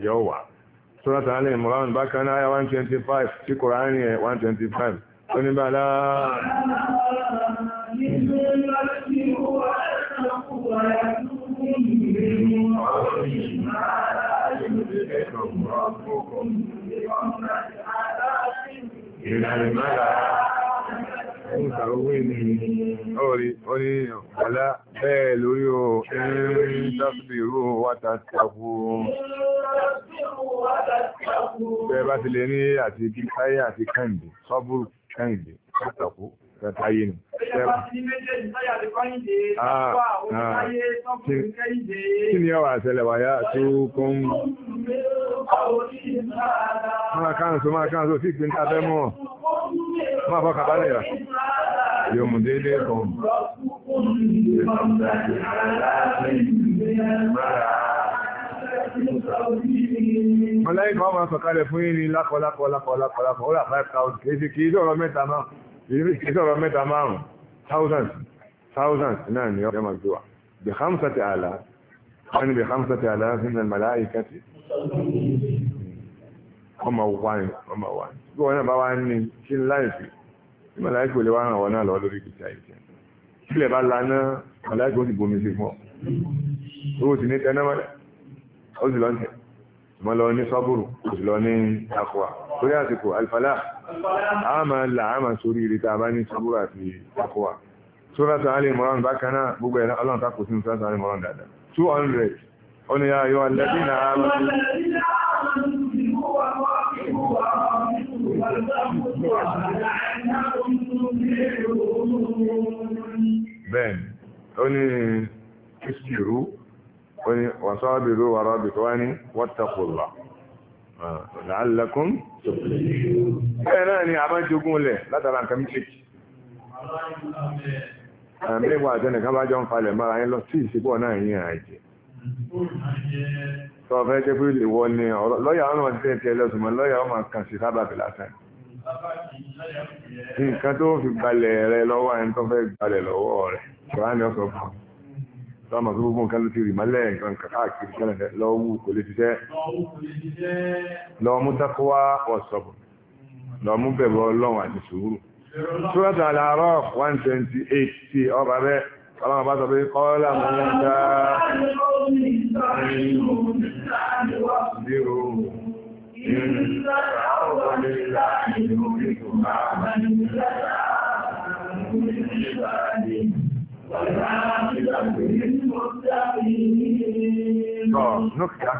yóò wà sọ́rọ̀tà alẹ́ ìmọ̀láwọn bákan náà 125 tí kòránì 125 tó ní bá láàá Ìrìnàlè Bẹ́ẹ̀ lórí o, ẹ̀rin tásìbìrú wà tàṣàkú. Bẹ́ẹ̀ bá ti lè ní àti kí táyé àti kẹ́ǹdì, sọ́bùrù kẹ́ǹdì, tàṣàkú, tàṣàyé nù. Kí ni ọwà àṣẹlẹ̀ wáyá tó kún? Máa káàkiri, máa káàkiri, sí ìpínká fẹ́ mọ́ máa bọ́ kàbá nìyà yóò mú déédé kan mọ̀láìkà ọmọ sọ̀kalẹ̀ fún yìí ni lákọ̀lákọ̀ lákọ̀lákọ̀ ó rà 5,000 kìí sí kìí sọ̀rọ̀ mẹ́ta márùn-ún kìí sọ̀rọ̀ mẹ́ta márùn-ún thousands thousands náà ni ọjọ́ màgbéwà bí hamsati àlá wọ́n bí hamsati àlá nínú mọ̀láìkà ti ọmọ wáyé ọmọ wáyé bí wọ́n náà bá wá ní kí láìsí tí màláìkò lè wá ràn wọ́n náà lọ́wọ́ lórí kìtì àìsí sílẹ̀ bá laná màláìkò ti bomi sí fún ọ owó sì ní tẹná mọ́lẹ̀ ó sì lọ ní mọ́ lọ ní sọ́bùrù ó sì lọ ní àkọ́wà torí àsìkò alifalá a máa là á máa sórí ire tá a bá ní sọ́bùrù àti àkọ́wà sóràtà alẹ́ mọ́rán bákan náà gbogbo ẹ̀rọ ọlọ́run tako sínú sóràtà alẹ́ mọ́rán dáadáa two hundred ọ̀nà ayọ̀ alẹ́bí náà á bẹ́ẹ̀ni ó ní ìṣirú ó ní wàsáàbìrú wàrá bìtọ́ wá ní wọ́tàkùlá làálẹ́kún bẹ́ẹ̀ náà ni àbájogún lẹ̀ látara nǹkan méjèèjì àmì ah, ìwà àtẹnìkan bá jọ ń falẹ̀ mọ́ra yín lọ sí ìsìnkú náà yín àjẹ́ tọ́ọ̀fẹ́ nǹkan tó fi gbalẹ̀ rẹ lọ́wọ́ ẹni tó fẹ́ gbalẹ̀ lọ́wọ́ rẹ̀ ṣọ́rání ọ̀sọ̀ fún lọ́mọ̀ tó gbogbo nǹkan ló ti rì mọ́lẹ̀ nǹkan káàkiri kẹ́lẹ̀ lọ́wọ́ kò lè ṣiṣẹ́ lọ́mú dákọ́wá ọ̀sọ̀bù lọ́mú bẹ̀rù ọlọ́run àti sùúrù Surat Al-Araf 128 ti ọba rẹ̀ ọlọ́run bá sọ pé kọ́lá mọ́ dá إن الأرض لله يورثها من يشاء من عباده والعاقبة للمتقين. نكتة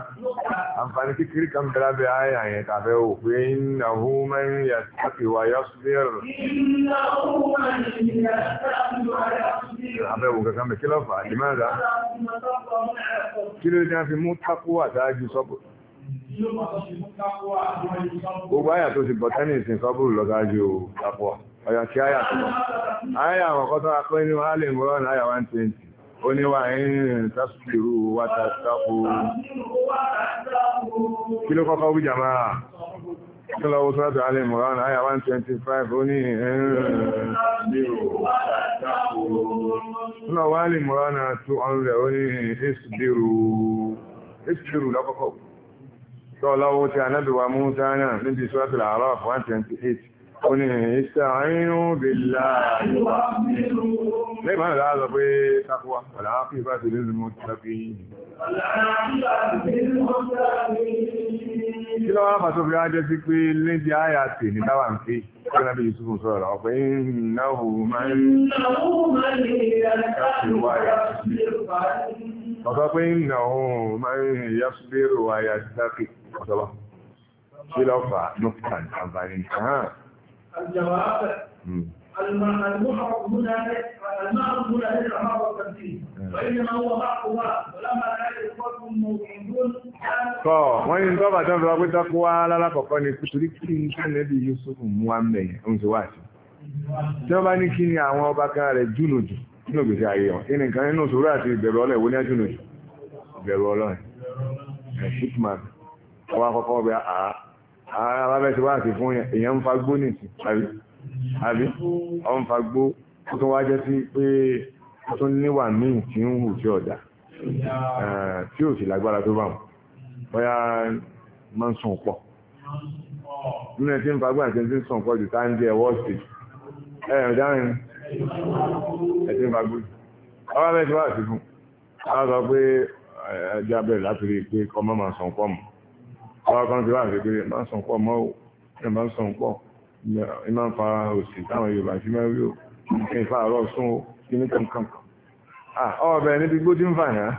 àǹfààní kékeré kan bẹ̀rẹ̀ bẹ àyà yẹn tàbí ò pé ìnáwó máa ń yà tàbí wà yọ sí bẹ̀rẹ̀. ìnáwó máa ń yà tàbí wà yọ sí bẹ̀rẹ̀. àbẹ̀wò kankan bẹ̀ kí ló fà á kí ló dé a fi mú tákù àtàjù sọ́kù gbogbo àyà tó ti bọ̀ tẹ́nìsì kọ́bùrù lọ́gájú àpọ̀ ọ̀yà kí àyà tó bọ̀. àyà àwọn kọ́tọ́ apẹ́ ní wàhálà ìmọ̀ràn àyà 120 ó ní wà ń tásùkìrù kí ló kọ́kọ́ wíjà máa Kílọ̀wó Sọ́tọ̀ Alìmọ̀rán àyà 125 ó ní ẹ̀rìn Kílọ̀wó Alìmọ̀rán tọ́láwó ti anábìwà Musa náà níbi suratul A'raf 128 ó ní ìsàáyínú bèèlà àríwá lẹ́gbà náà láàzọ pé takuwa wàlá ápì bá ti lè mú tàbí kí lọ́wọ́ pàtó fi rájẹ́ ń fi kọ́nà bí Yusufu sọ̀rọ̀ lọ pé náwó máa ń kàṣíwáyà ọ̀sọ́ ọ̀sọ́lá kí lọ fà nùkítà àǹfààní kan. المحرم هنا المحرم هنا للعمار والتمثيل وانما هو بعضها ولما ذلك الخلق موجودون tọ́ wọ́n yìí tọ́bà tán fẹ́ pẹ́ta kó wá lálákọ̀ọ́kọ́ ni kútorí kí ní kánẹ́bí Yusuf muhammed ń ti wá sí tí wọ́n bá ní kí ni àwọn ọba kan rẹ̀ jùlọ jù nínú gbèsè ayé wọn kí ni nǹkan nínú sòrò àti ìbẹ̀rù ọlọ́ọ̀ ìwé ní àjùlọ jù ìbẹ̀rù ọlọ́ọ̀ ẹ̀ shipman ọwọ́ akọ́kọ́ ọbẹ̀ àá ara bẹ́ẹ̀ wá sí fún èèyàn ń fagbó nìtì àbí ọ ń fagbó ó tún wá jẹ́ sí pé ó tún níwà míì tí ń hù tí ọ̀dà eh, tí ò sì lágbára tó bá wọn bóyá máa ń sùn pọ̀ nínú ẹ̀ tí ń fagbó àti ẹ̀ tí ń sùn pọ̀ jù tá ń jẹ́ ẹ̀wọ́ sí ẹ̀ ẹ̀ dáhùn ẹ̀ tí ń fagbó ọwọ́ bẹ́ẹ̀ wá sí fún ọ sọ pé ẹjọ́ abẹ́rẹ́ láti rí i pé kọ́ mọ́ máa sùn pọ̀ mọ́ ọwọ́ kan ti láti pé máa sàn pọ̀ mọ́ ẹ̀ máa sàn pọ̀ ẹ̀ máa ń fa òsì táwọn Yorùbá fi máa rí o kí n fa àárọ̀ sún o kí ní kankan. ọbẹ̀ níbi gbójú ń fà náà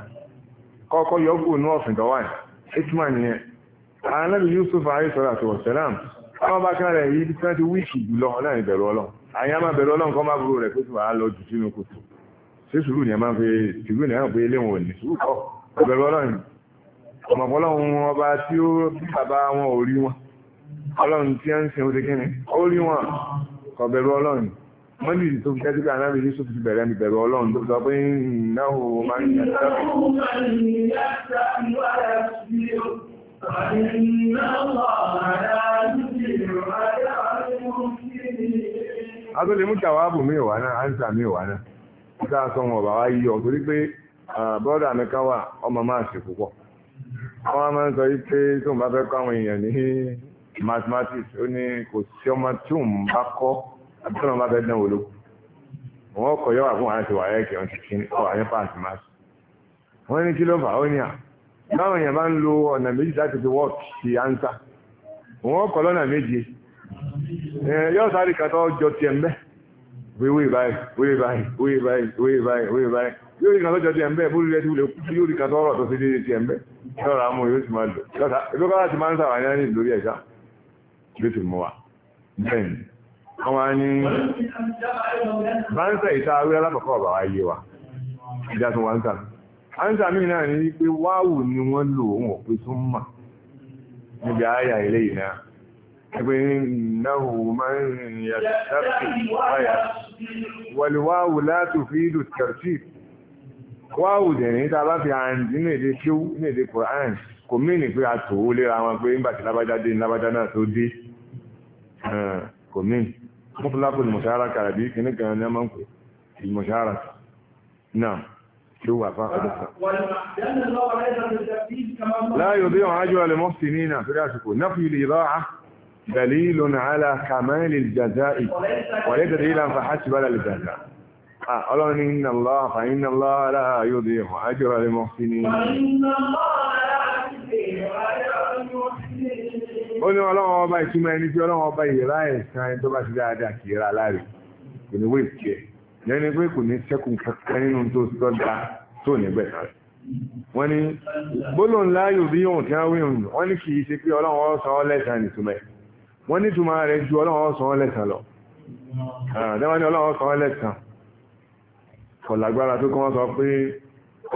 kọ́kọ́ yọkù ní ọ̀sìn tó wà ní hitman yẹn àwọn ẹlẹ́bi Yusuf àríṣọ́lá àti wọ̀sẹ̀lám àwọn bá kárẹ̀ yìí bí wọ́n ti wíìkì jùlọ náà ní bẹ̀rù ọlọ́run àyà máa bẹ̀rù ọlọ́run kọ́ máa burú rẹ̀ pé tí wàá lọ jù sínú kòtò ṣé sùúrù ni ẹ máa ń pe tìrú ọmọ̀pọ̀lọ́run ọba tí ó bàbá wọn ò rí wọn ọlọ́run tí wọ́n ń sin orí kíni ó rí wọn kò ọlọ́run mọ́lì tó fi tẹ́sí pé anábì yusuf bẹ̀rẹ̀ ní bẹ̀rù ọlọ́run tó sọ pé ìnáwó máa ń yẹ mi ká ah, wà ọmọ máa ṣe púpọ̀ àwọn máa ń sọ yìí pé tó ń bá fẹ́ kọ́ àwọn èèyàn ní mathematics ó ní kò sí ọmọ tí òun bá kọ́ àbí tó ń bá fẹ́ dánwò ló wọn kọ yọ wà fún àwọn àti wà ẹ́ẹ̀kì ọ̀hún ti kí ní ọ̀ àyẹ́ pàǹtì máa sì wọ́n ní kí ló fà ó ní à báwọn èèyàn bá ń lo ọ̀nà méjì láti fi wọ́ọ̀kì sí ánsà wọ́n kọ́ lọ́nà méje yóò sáré kàtọ́ jọ tiẹ̀ mbẹ́ wíwí báyìí wíwí báyìí wíwí báyìí wíwí báyìí yóò rí kan lọ́jọ́ ti ẹ̀m̀bẹ́ bó rí rẹ̀ tí wulẹ̀ kú yóò rí kan tọ́rọ̀ tó fi dé ti ẹ̀m̀bẹ́ lọ́ra mú yóò sì máa lò lọ́ta ebi kọ́lá ti máa ń sàwọn ẹ̀yán ní lórí ẹ̀ṣá yóò sì mú wa bẹ́ẹ̀ ni wọ́n wá ní báńsà ìta awé alákọ̀ọ́kọ́ ọ̀bà wa yé wa ìjà tó wá ń sà áńsà míì náà ní pé wáwù ni wọ́n lò wọn pé tó ń mà níbi àyà ilé náà ẹgbẹ́ náà máa ń yàtọ̀ wàlúwàwù látòfin ìlú tẹ̀rẹ̀tìpù wáwù dẹ̀rín tá a bá fi àrùn nínú èdè kíw nínú èdè Quran kò mìíní pé a tò ó léra wọn pé nígbà tí lábájá dé ní lábájá náà tó dé kò mìíní mọ́tòlápò ní mọ̀ṣára kàràbí kìnnì kan ní ọmọ ń pè ní mọ̀ṣára náà tó wà fún àkàdọ́sà. láàyò bí wọn ájọ alẹ́ mọ́sí ní ìnà tó dásìkò náà fi dalilun ala kamalil jaza'i wa laysa dalilan fa hasib ala al Ah, ọlọ́run ní iná lọ àfàyín iná lọ ara yóò dé ẹ̀hùn ájọ́ rẹ̀ mọ́ sí ni. ó ní ọlọ́run ọba ìtumọ̀ ẹni tí ọlọ́run ọba ìyẹ̀rá ẹ̀sán ẹni tó bá ti dáadáa kì í ra láre kò ní wé ìtì lẹ́ni pé kò ní sẹ́kùn kankan nínú tó sọ́dá tó nígbẹ̀ rẹ̀ wọ́n ní gbólóhùn láàyò bí yóò tí a wí hùn wọ́n ní kìí ṣe pé ọlọ́run ọ̀sán ọlẹ́sàn nìtumẹ̀ wọ́n ní túmọ̀ rẹ̀ ju ọlọ́run ọ̀sán ọlẹ́sàn lọ ah, kò lágbára tó kọ́ wọ́n sọ pé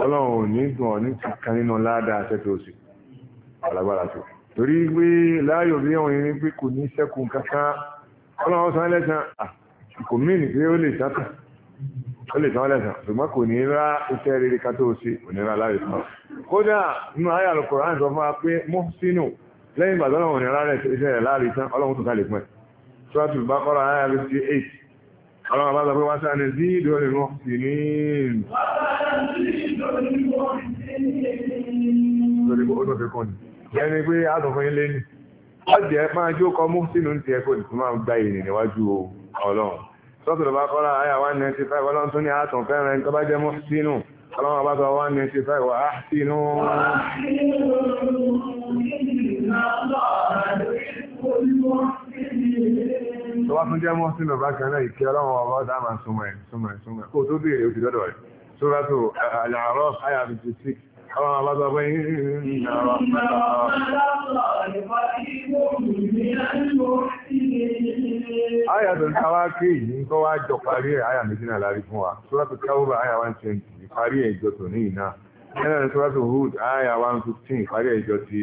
ọlọ́run ò ní dùn ọ̀ ní kankan nínú ládàá àṣẹ́tò òsì kò lágbára tó torí pé láàyò bí wọ́n yẹn pé kò ní sẹ́kùn kankan ọlọ́run sọ lẹ́sàn kò mí nì pé ó lè sákà ó lè sọ lẹ́sàn ṣùgbọ́n kò ní rá iṣẹ́ rere ká tó ṣe kò ní rá láàyò sọ kódà nínú ayé Al-Kùránì sọ fún wa pé mọ́sínù lẹ́yìn ìgbà tọ́lọ́run ò ní rá iṣẹ́ rẹ̀ láàrin tán ọlọ́run tó ká lè pẹ́ Suratul Baqara ayé 58 ọlọ́run bá sọ pé wá sáà ní sí ìdó lè mọ́ sí ní lórí bó tó fi kún ní ẹni pé a sọ fún ilé ní ọjọ́ ẹ máa jó kọ mú sínú ti ẹ kò ní tó máa gba èrè níwájú ọlọ́run sọ́tùlọ̀ bá kọ́ra àyà 195 ọlọ́run tó ní àtàn fẹ́ràn ẹni tó bá jẹ́ mú sínú ọlọ́run bá sọ 195 wà á sínú Thank you tó wá fún jẹ́ mọ́sí nà bákan náà ìkẹ́ ọlọ́run ọba ọ̀dà máa súnmọ́ tó ń káwá ké yìí ń kọ́ wá jọ parí ẹ̀ àyà méjì náà lárí fún wa sóràtò káwọ́bà àyà one twenty ẹ̀ ìjọ tòní yìí náà ẹ̀rọ sóràtò hood àyà one fifteen ẹ̀ ìjọ ti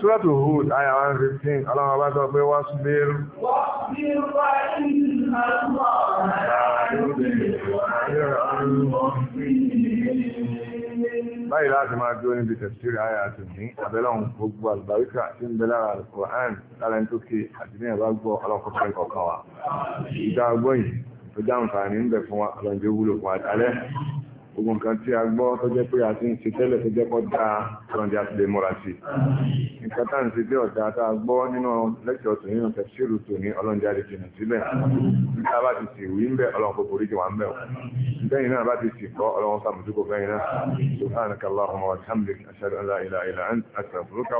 Súrọ́tù Hud, àyà 115, ọlọ́run bá sọ pé wọ́n súnbẹ̀rù. Wọ́n bí wá ìlú àwọn Báyìí láti máa dúró níbi tẹ̀sírí ayé àti ní àbẹ́lọ́hun gbogbo àlùbáríkà tí ń bẹ Al-Qur'an láàrin tó kí àti ní ẹ̀bá gbọ́ ọlọ́kọ̀ọ́kọ́ kọ̀ọ̀kan wa. Ìgbà gbọ́yìn tó dáhùn fàánì ń bẹ fún wa, ọlọ́njẹ́ wúlò fún àtàlẹ́ gbogbo nǹkan tí a gbọ́ tó jẹ́ pé a ti ń ṣe tẹ́lẹ̀ tó jẹ́ kọ́ dáa kọ́ndí a ti lè múra sí nǹkan tá à ń ṣe dé ọ̀dà tá a gbọ́ nínú lẹ́kṣọ̀ tó nínú tẹ̀síìrù tó ní ọlọ́njẹ́ a lè jìnà sílẹ̀ nígbà bá ti sì wí ń bẹ ọlọ́run kò forí jì wá ń bẹ̀ lẹ́yìn náà bá ti sì kọ́ ọlọ́run sàmùdúkọ fẹ́yìn náà subhanaka allahumma wa bihamdika ashhadu an la ilaha illa anta astaghfiruka